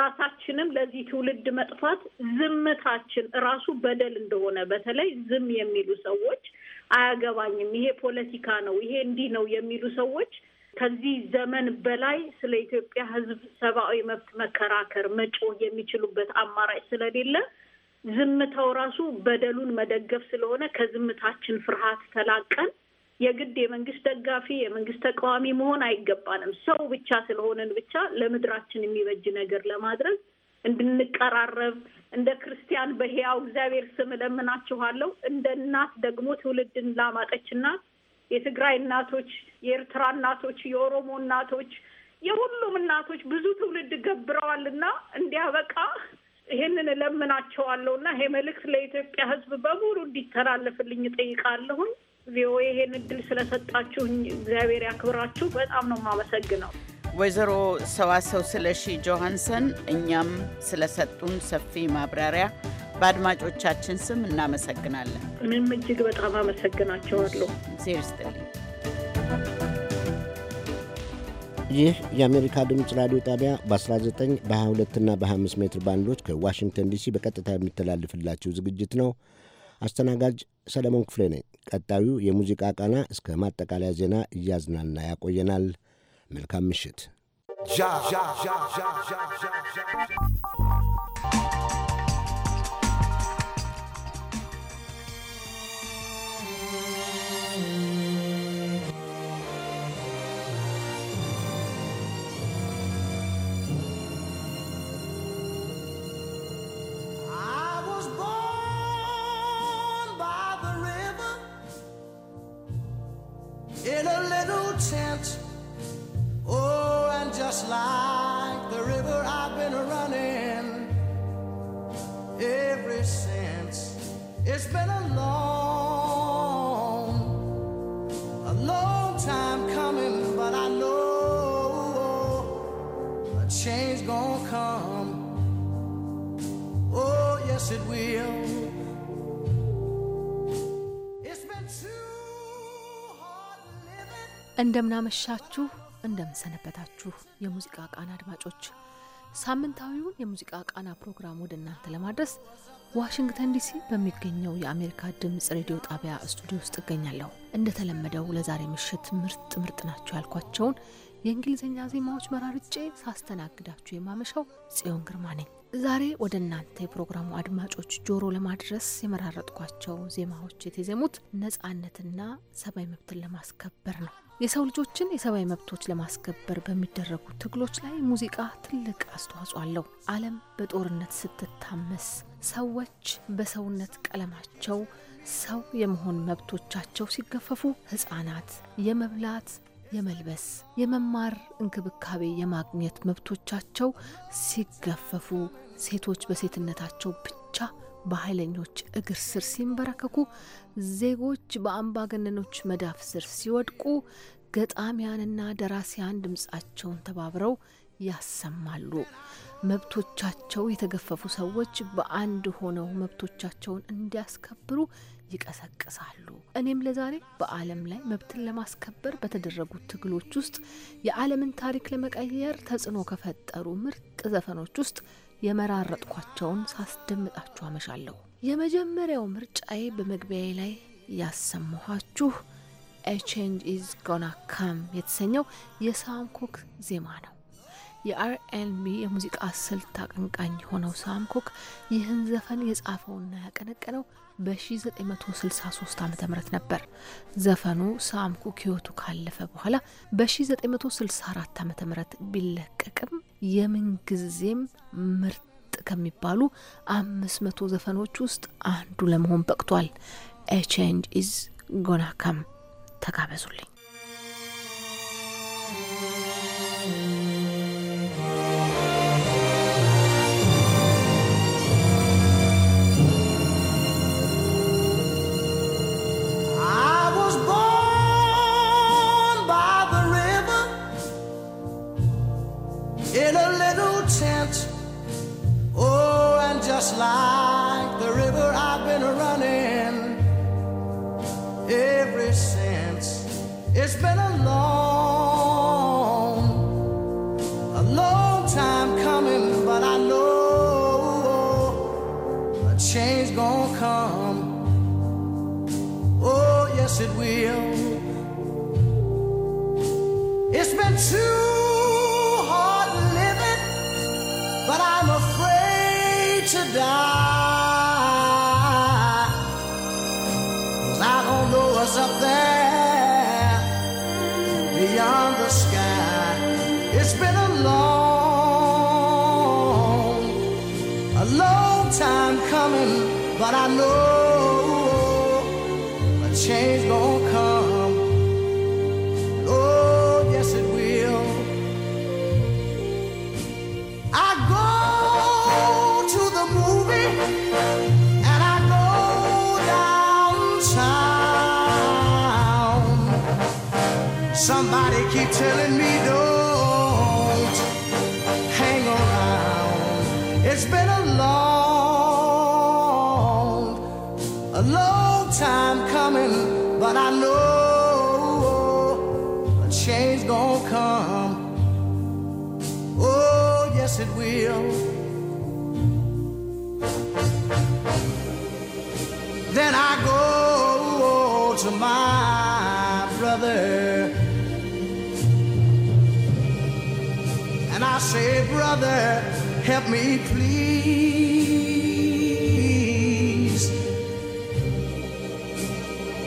ራሳችንም ለዚህ ትውልድ መጥፋት ዝምታችን ራሱ በደል እንደሆነ በተለይ ዝም የሚሉ ሰዎች አያገባኝም፣ ይሄ ፖለቲካ ነው፣ ይሄ እንዲህ ነው የሚሉ ሰዎች ከዚህ ዘመን በላይ ስለ ኢትዮጵያ ሕዝብ ሰብአዊ መብት መከራከር መጮህ የሚችሉበት አማራጭ ስለሌለ ዝምታው ራሱ በደሉን መደገፍ ስለሆነ ከዝምታችን ፍርሃት ተላቀን የግድ የመንግስት ደጋፊ የመንግስት ተቃዋሚ መሆን አይገባንም። ሰው ብቻ ስለሆነን ብቻ ለምድራችን የሚበጅ ነገር ለማድረግ እንድንቀራረብ እንደ ክርስቲያን በሕያው እግዚአብሔር ስም እለምናችኋለሁ። እንደ እናት ደግሞ ትውልድን ላማጠችና የትግራይ እናቶች፣ የኤርትራ እናቶች፣ የኦሮሞ እናቶች፣ የሁሉም እናቶች ብዙ ትውልድ ገብረዋልና እንዲያበቃ ይሄንን እለምናቸዋለሁ እና ይሄ መልእክት ለኢትዮጵያ ሕዝብ በሙሉ እንዲተላለፍልኝ እጠይቃለሁኝ። ቪኦኤ ይሄን እድል ስለሰጣችሁኝ እግዚአብሔር ያክብራችሁ። በጣም ነው የማመሰግነው። ወይዘሮ ሰዋሰው ስለሺ ጆሀንሰን፣ እኛም ስለሰጡን ሰፊ ማብራሪያ በአድማጮቻችን ስም እናመሰግናለን። ምንም እጅግ በጣም አመሰግናቸዋለሁ። እግዜር ይስጥልኝ። ይህ የአሜሪካ ድምፅ ራዲዮ ጣቢያ በ19 በ22 እና በ25 ሜትር ባንዶች ከዋሽንግተን ዲሲ በቀጥታ የሚተላልፍላችሁ ዝግጅት ነው። አስተናጋጅ ሰለሞን ክፍሌ ነኝ። ቀጣዩ የሙዚቃ ቃና እስከ ማጠቃለያ ዜና እያዝናና ያቆየናል። መልካም ምሽት። sense. Oh, and just like the river, I've been running ever since. It's been a long, a long time coming, but I know a change gonna come. Oh, yes, it will. እንደምናመሻችሁ እንደምንሰነበታችሁ የሙዚቃ ቃና አድማጮች፣ ሳምንታዊውን የሙዚቃ ቃና ፕሮግራም ወደ እናንተ ለማድረስ ዋሽንግተን ዲሲ በሚገኘው የአሜሪካ ድምፅ ሬዲዮ ጣቢያ ስቱዲዮ ውስጥ እገኛለሁ። እንደተለመደው ለዛሬ ምሽት ምርጥ ምርጥ ናቸው ያልኳቸውን የእንግሊዝኛ ዜማዎች መራርጬ ሳስተናግዳችሁ የማመሻው ጽዮን ግርማ ነኝ። ዛሬ ወደ እናንተ የፕሮግራሙ አድማጮች ጆሮ ለማድረስ የመራረጥኳቸው ዜማዎች የተዜሙት ነጻነትና ሰብአዊ መብትን ለማስከበር ነው። የሰው ልጆችን የሰብአዊ መብቶች ለማስከበር በሚደረጉ ትግሎች ላይ ሙዚቃ ትልቅ አስተዋጽኦ አለው። ዓለም በጦርነት ስትታመስ ሰዎች በሰውነት ቀለማቸው ሰው የመሆን መብቶቻቸው ሲገፈፉ ሕፃናት የመብላት የመልበስ፣ የመማር እንክብካቤ የማግኘት መብቶቻቸው ሲገፈፉ ሴቶች በሴትነታቸው ብቻ በኃይለኞች እግር ስር ሲንበረከኩ፣ ዜጎች በአምባገነኖች መዳፍ ስር ሲወድቁ፣ ገጣሚያንና ደራሲያን ድምፃቸውን ተባብረው ያሰማሉ። መብቶቻቸው የተገፈፉ ሰዎች በአንድ ሆነው መብቶቻቸውን እንዲያስከብሩ ይቀሰቅሳሉ። እኔም ለዛሬ በዓለም ላይ መብትን ለማስከበር በተደረጉ ትግሎች ውስጥ የዓለምን ታሪክ ለመቀየር ተጽዕኖ ከፈጠሩ ምርጥ ዘፈኖች ውስጥ የመራረጥኳቸውን ሳስደምጣችሁ አመሻለሁ። የመጀመሪያው ምርጫዬ በመግቢያዬ ላይ ያሰማኋችሁ ኤቼንጅ ኢዝ ጎና ካም የተሰኘው የሳምኮክ ዜማ ነው። የአርኤንቢ የሙዚቃ ስልት አቀንቃኝ የሆነው ሳምኮክ ይህን ዘፈን የጻፈውና ያቀነቀነው በ1963 ዓ ም ነበር ዘፈኑ ሳምኩ ኪዮቱ ካለፈ በኋላ በ1964 ዓ ም ቢለቀቅም የምንጊዜም ምርጥ ከሚባሉ 500 ዘፈኖች ውስጥ አንዱ ለመሆን በቅቷል። ኤ ቼንጅ ኢዝ ጎና ካም ተጋበዙልኝ። just like the river I've been running ever since. It's been a long, a long time coming, but I know a change gonna come. Oh, yes, it will. It's been too to die. Cause I don't know what's up there beyond the sky. It's been a long, a long time coming, but I know a change going keep telling me don't hang around. It's been a long, a long time coming, but I know a change gonna come. Oh, yes, it will. Then I go. say, brother, help me please.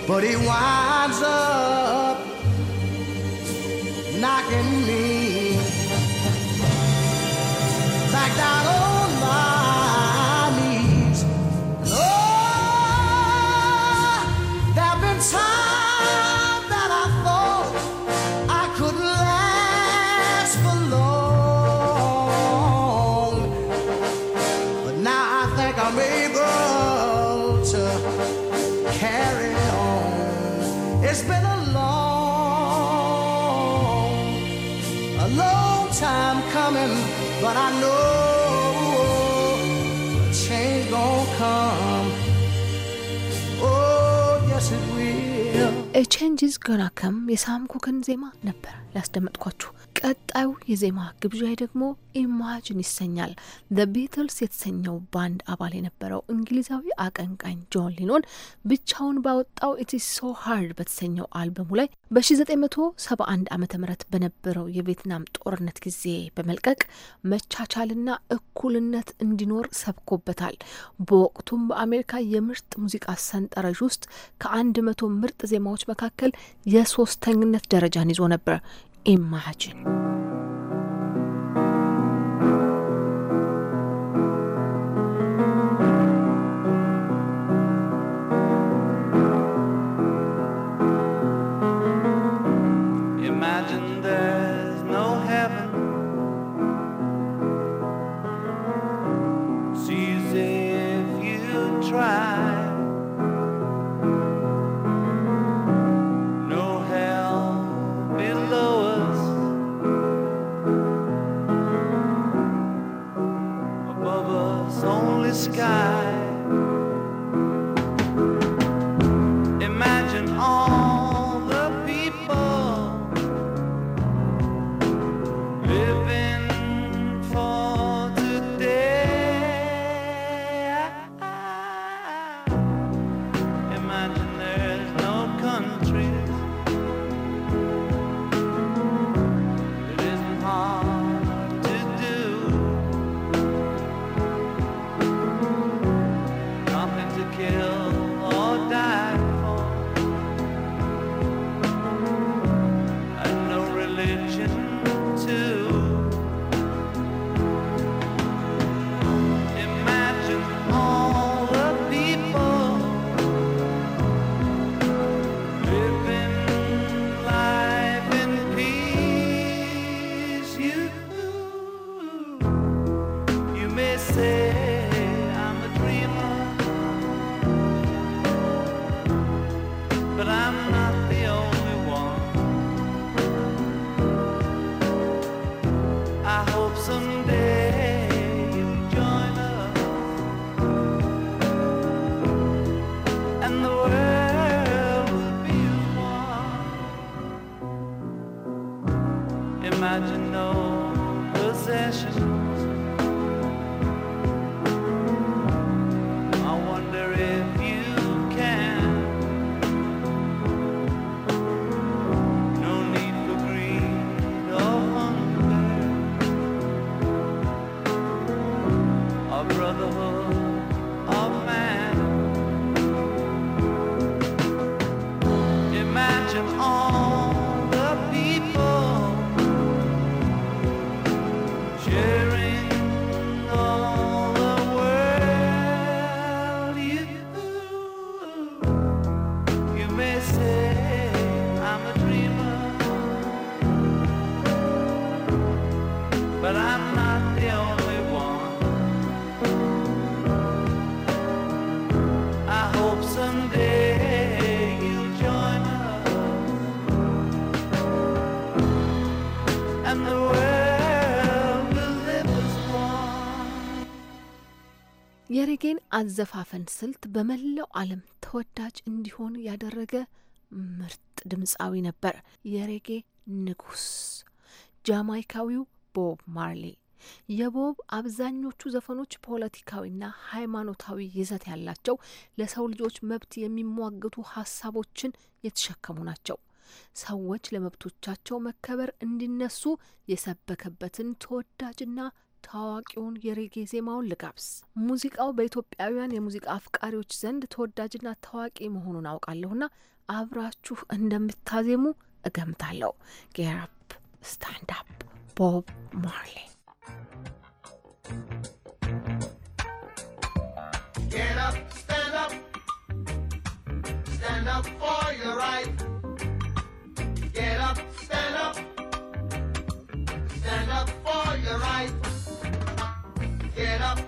But he winds up. But I know a change gon' come. Oh, yes it will. A ኤ ቼንጅ ኢዝ ገና ከም የሳምኮክን ዜማ ነበር ያስደመጥኳችሁ። ቀጣዩ የዜማ ግብዣ ደግሞ ኢማጅን ይሰኛል። ዘ ቢትልስ የተሰኘው ባንድ አባል የነበረው እንግሊዛዊ አቀንቃኝ ጆን ሊኖን ብቻውን ባወጣው ኢትስ ሶ ሃርድ በተሰኘው አልበሙ ላይ በ1971 ዓ ም በነበረው የቪየትናም ጦርነት ጊዜ በመልቀቅ መቻቻልና እኩልነት እንዲኖር ሰብኮበታል። በወቅቱም በአሜሪካ የምርጥ ሙዚቃ ሰንጠረዥ ውስጥ ከአንድ መቶ ምርጥ ዜማዎች መካከል የሶስተኝነት ደረጃን ይዞ ነበር። imagine. sky. የሬጌን አዘፋፈን ስልት በመላው ዓለም ተወዳጅ እንዲሆን ያደረገ ምርጥ ድምፃዊ ነበር። የሬጌ ንጉስ ጃማይካዊው ቦብ ማርሊ። የቦብ አብዛኞቹ ዘፈኖች ፖለቲካዊና ሃይማኖታዊ ይዘት ያላቸው፣ ለሰው ልጆች መብት የሚሟገቱ ሀሳቦችን የተሸከሙ ናቸው። ሰዎች ለመብቶቻቸው መከበር እንዲነሱ የሰበከበትን ተወዳጅና ታዋቂውን የሬጌ ዜማውን ልጋብስ ሙዚቃው በኢትዮጵያውያን የሙዚቃ አፍቃሪዎች ዘንድ ተወዳጅና ታዋቂ መሆኑን አውቃለሁና አብራችሁ እንደምታዜሙ እገምታለሁ። ጌራፕ ስታንዳፕ ቦብ ማርሌ Get up, stand up, stand up for your right. Get up.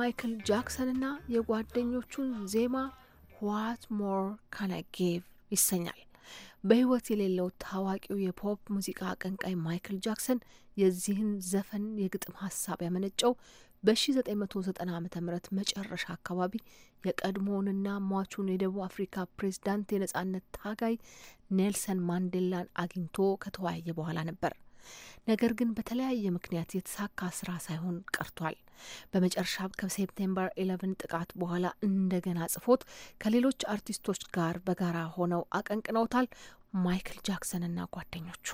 የማይክል ጃክሰንና የጓደኞቹን ዜማ ዋት ሞር ካን አይ ጊቭ ይሰኛል። በህይወት የሌለው ታዋቂው የፖፕ ሙዚቃ አቀንቃይ ማይክል ጃክሰን የዚህን ዘፈን የግጥም ሀሳብ ያመነጨው በ1990 ዓ ም መጨረሻ አካባቢ የቀድሞውንና ሟቹን የደቡብ አፍሪካ ፕሬዝዳንት የነጻነት ታጋይ ኔልሰን ማንዴላን አግኝቶ ከተወያየ በኋላ ነበር። ነገር ግን በተለያየ ምክንያት የተሳካ ስራ ሳይሆን ቀርቷል። በመጨረሻም ከሴፕቴምበር ኤለቨን ጥቃት በኋላ እንደገና ጽፎት ከሌሎች አርቲስቶች ጋር በጋራ ሆነው አቀንቅነውታል ማይክል ጃክሰን እና ጓደኞቹ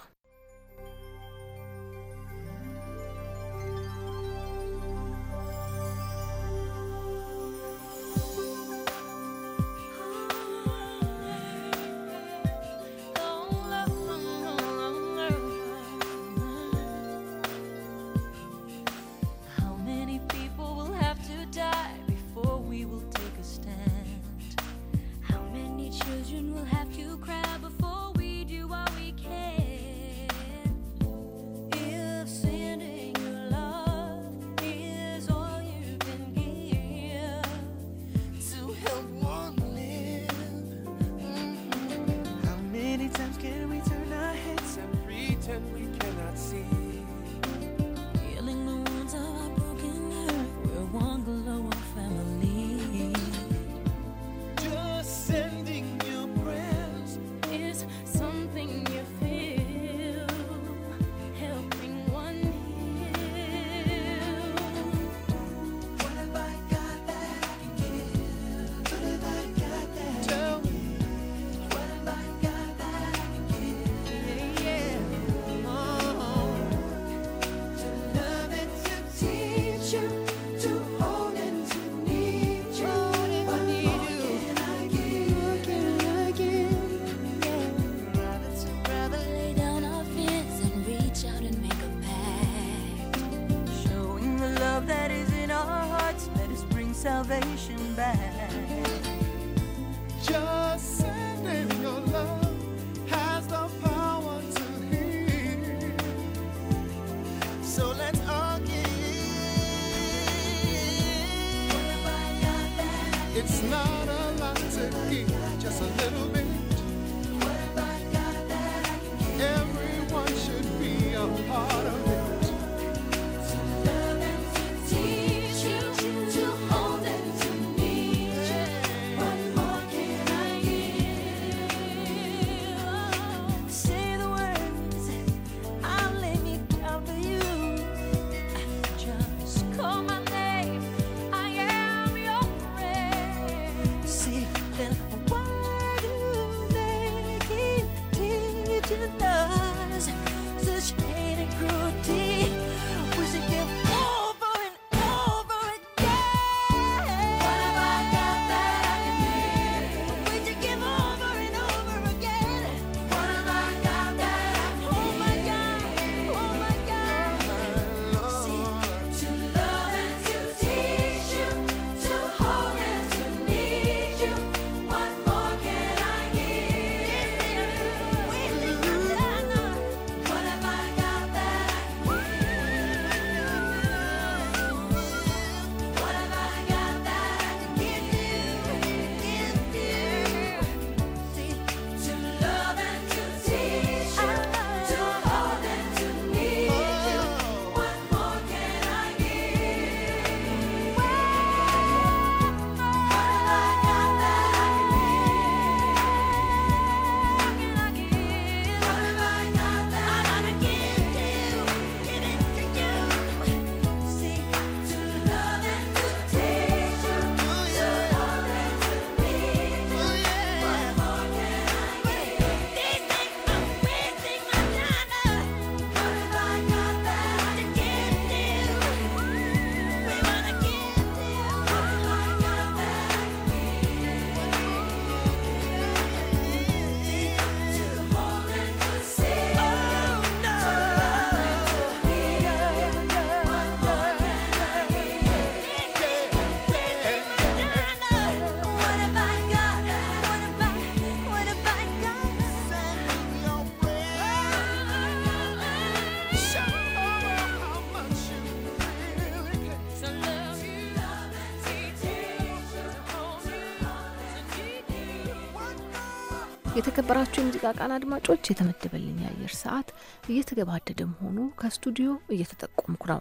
የሙዚቃ ቃን አድማጮች፣ የተመደበልኝ የአየር ሰዓት እየተገባደደ መሆኑ ከስቱዲዮ እየተጠቆምኩ ነው።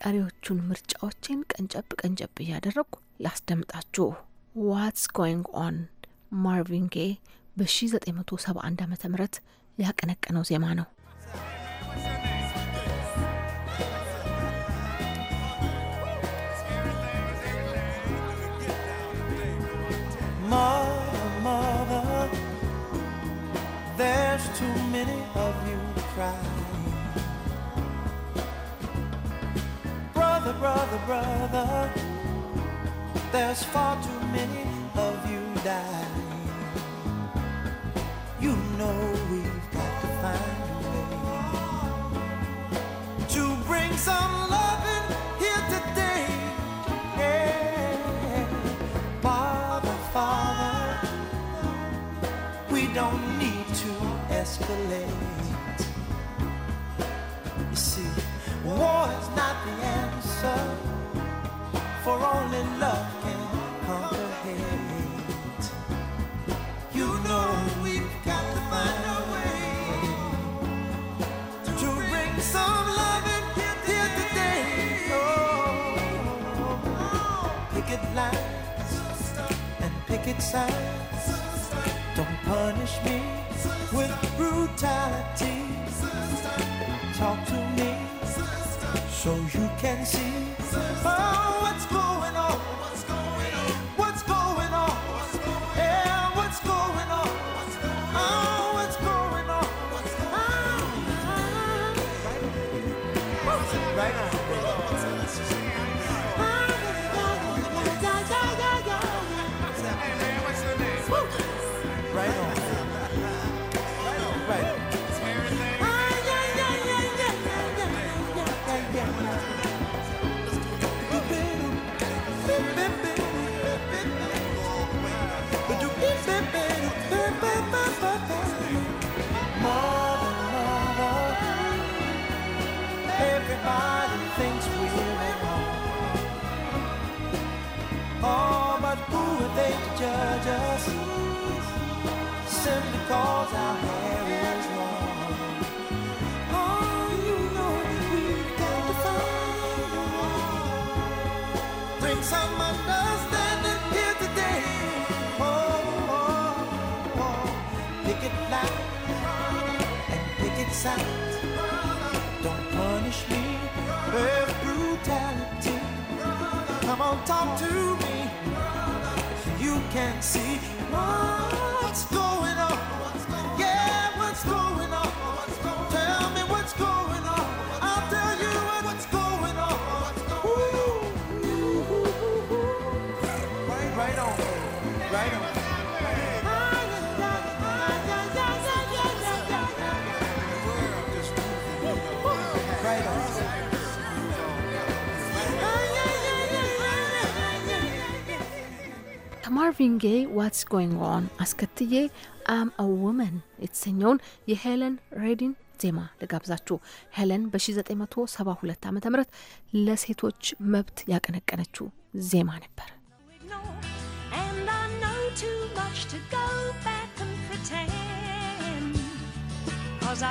ቀሪዎቹን ምርጫዎቼን ቀንጨብ ቀንጨብ እያደረግኩ ላስደምጣችሁ። ዋትስ ጎይንግ ኦን ማርቪን ጌ በ1971 ዓ ም ያቀነቀነው ዜማ ነው። brother, brother, there's far too many of you dying. You know we've got to find a way to bring some loving here today. Yeah. Father, Father, we don't need to escalate. You see, war is not the end answer, for only love can conquer hate. You know we've got to find a way to, bring some love in care here today. Oh, picket lines and picket signs. Don't punish me with brutality. Talk to me so you can see. Oh. ሪንጌ ዋትስ ጎይንግ ኦን አስከትዬ አም አ ውመን የተሰኘውን የሄለን ሬዲን ዜማ ልጋብዛችሁ። ሄለን በ1972 ዓ ም ለሴቶች መብት ያቀነቀነችው ዜማ ነበር።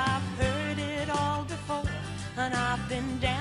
I've heard it all before, And I've been down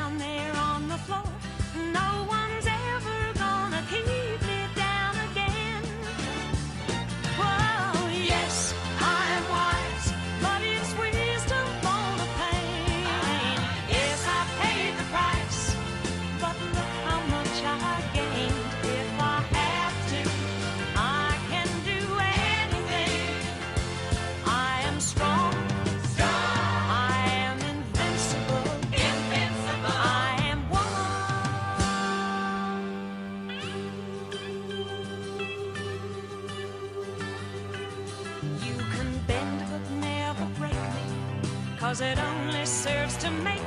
Cause it only serves to make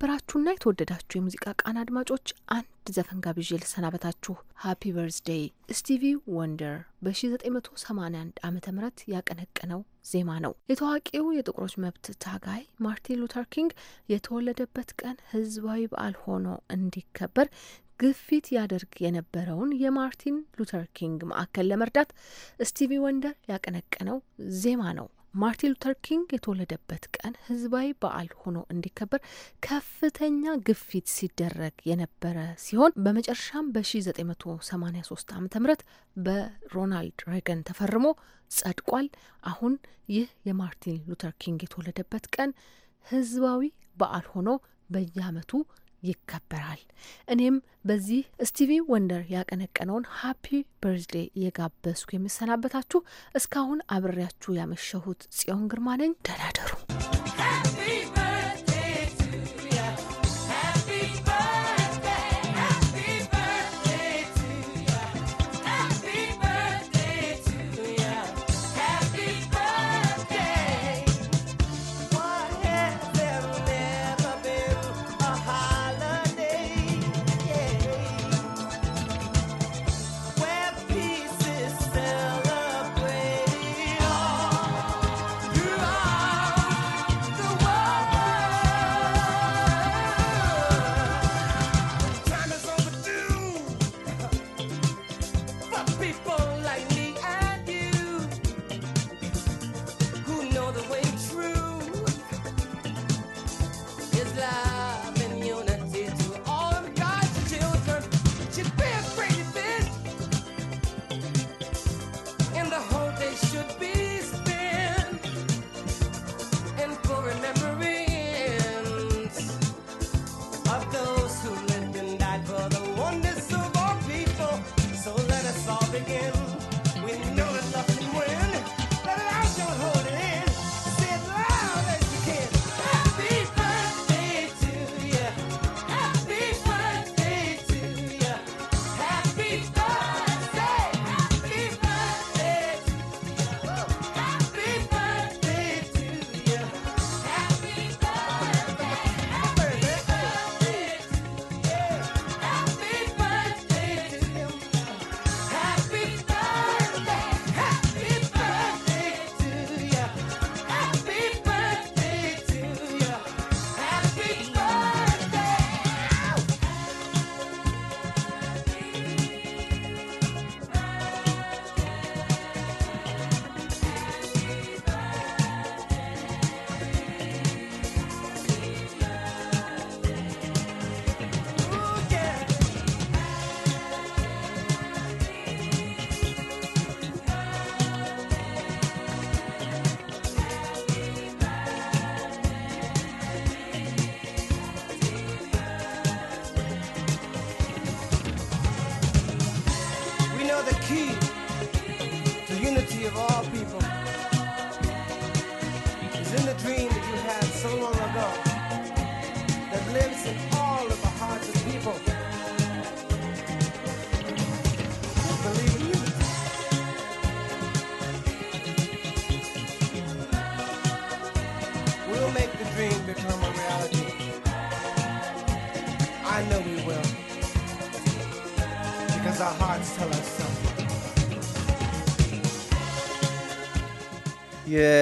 የተከበራችሁና የተወደዳችሁ የሙዚቃ ቃና አድማጮች አንድ ዘፈን ጋብዤ ልሰናበታችሁ። ሃፒ በርዝዴይ ስቲቪ ወንደር በ1981 ዓ ም ያቀነቀነው ዜማ ነው። የታዋቂው የጥቁሮች መብት ታጋይ ማርቲን ሉተር ኪንግ የተወለደበት ቀን ህዝባዊ በዓል ሆኖ እንዲከበር ግፊት ያደርግ የነበረውን የማርቲን ሉተር ኪንግ ማዕከል ለመርዳት ስቲቪ ወንደር ያቀነቀነው ዜማ ነው። ማርቲን ሉተር ኪንግ የተወለደበት ቀን ህዝባዊ በዓል ሆኖ እንዲከበር ከፍተኛ ግፊት ሲደረግ የነበረ ሲሆን በመጨረሻም በ1983 ዓ ም በሮናልድ ሬገን ተፈርሞ ጸድቋል። አሁን ይህ የማርቲን ሉተር ኪንግ የተወለደበት ቀን ህዝባዊ በዓል ሆኖ በየአመቱ ። ይከበራል። እኔም በዚህ ስቲቪ ወንደር ያቀነቀነውን ሀፒ በርዝዴ እየጋበዝኩ የምሰናበታችሁ እስካሁን አብሬያችሁ ያመሸሁት ጽዮን ግርማ ነኝ። ደህና ደሩ።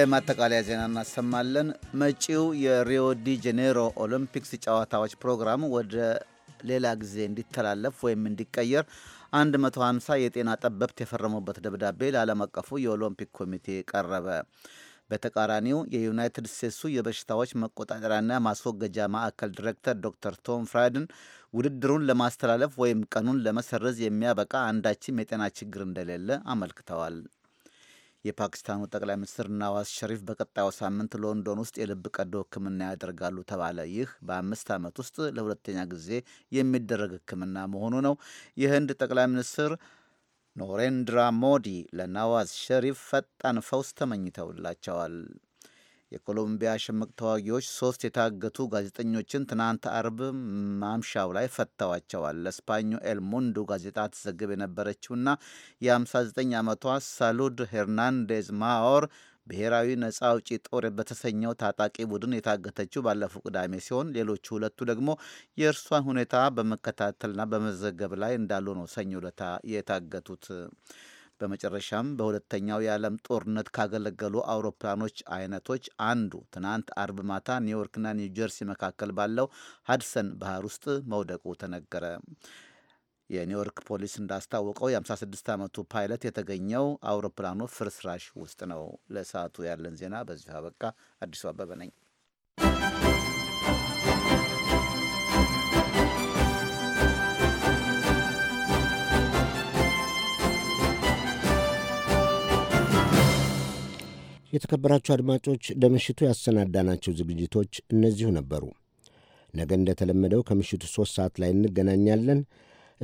የማጠቃለያ ዜና እናሰማለን። መጪው የሪዮ ዲ ጄኔሮ ኦሎምፒክስ ጨዋታዎች ፕሮግራም ወደ ሌላ ጊዜ እንዲተላለፍ ወይም እንዲቀየር 150 የጤና ጠበብት የፈረሙበት ደብዳቤ ለዓለም አቀፉ የኦሎምፒክ ኮሚቴ ቀረበ። በተቃራኒው የዩናይትድ ስቴትሱ የበሽታዎች መቆጣጠሪያና ማስወገጃ ማዕከል ዲሬክተር ዶክተር ቶም ፍራይድን ውድድሩን ለማስተላለፍ ወይም ቀኑን ለመሰረዝ የሚያበቃ አንዳችም የጤና ችግር እንደሌለ አመልክተዋል። የፓኪስታኑ ጠቅላይ ሚኒስትር ናዋዝ ሸሪፍ በቀጣዩ ሳምንት ሎንዶን ውስጥ የልብ ቀዶ ሕክምና ያደርጋሉ ተባለ። ይህ በአምስት ዓመት ውስጥ ለሁለተኛ ጊዜ የሚደረግ ሕክምና መሆኑ ነው። የህንድ ጠቅላይ ሚኒስትር ኖሬንድራ ሞዲ ለናዋዝ ሸሪፍ ፈጣን ፈውስ ተመኝተውላቸዋል። የኮሎምቢያ ሽምቅ ተዋጊዎች ሶስት የታገቱ ጋዜጠኞችን ትናንት አርብ ማምሻው ላይ ፈተዋቸዋል። ለስፓኞ ኤል ሞንዶ ጋዜጣ ትዘግብ የነበረችውና የ59 ዓመቷ ሳሉድ ሄርናንዴዝ ማኦር ብሔራዊ ነጻ አውጪ ጦር በተሰኘው ታጣቂ ቡድን የታገተችው ባለፈው ቅዳሜ ሲሆን ሌሎቹ ሁለቱ ደግሞ የእርሷን ሁኔታ በመከታተልና በመዘገብ ላይ እንዳሉ ነው ሰኞ ዕለት የታገቱት። በመጨረሻም በሁለተኛው የዓለም ጦርነት ካገለገሉ አውሮፕላኖች አይነቶች አንዱ ትናንት አርብ ማታ ኒውዮርክና ኒውጀርሲ መካከል ባለው ሀድሰን ባህር ውስጥ መውደቁ ተነገረ። የኒውዮርክ ፖሊስ እንዳስታወቀው የ56 ዓመቱ ፓይለት የተገኘው አውሮፕላኑ ፍርስራሽ ውስጥ ነው። ለሰዓቱ ያለን ዜና በዚሁ አበቃ። አዲሱ አበበ ነኝ። የተከበራችሁ አድማጮች ለምሽቱ ያሰናዳናቸው ዝግጅቶች እነዚሁ ነበሩ። ነገ እንደተለመደው ከምሽቱ ሦስት ሰዓት ላይ እንገናኛለን።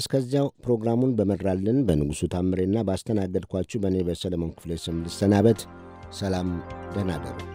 እስከዚያው ፕሮግራሙን በመራልን በንጉሡ ታምሬና ባስተናገድኳችሁ በእኔ በሰለሞን ክፍሌ ስም ልሰናበት። ሰላም፣ ደህና እደሩ።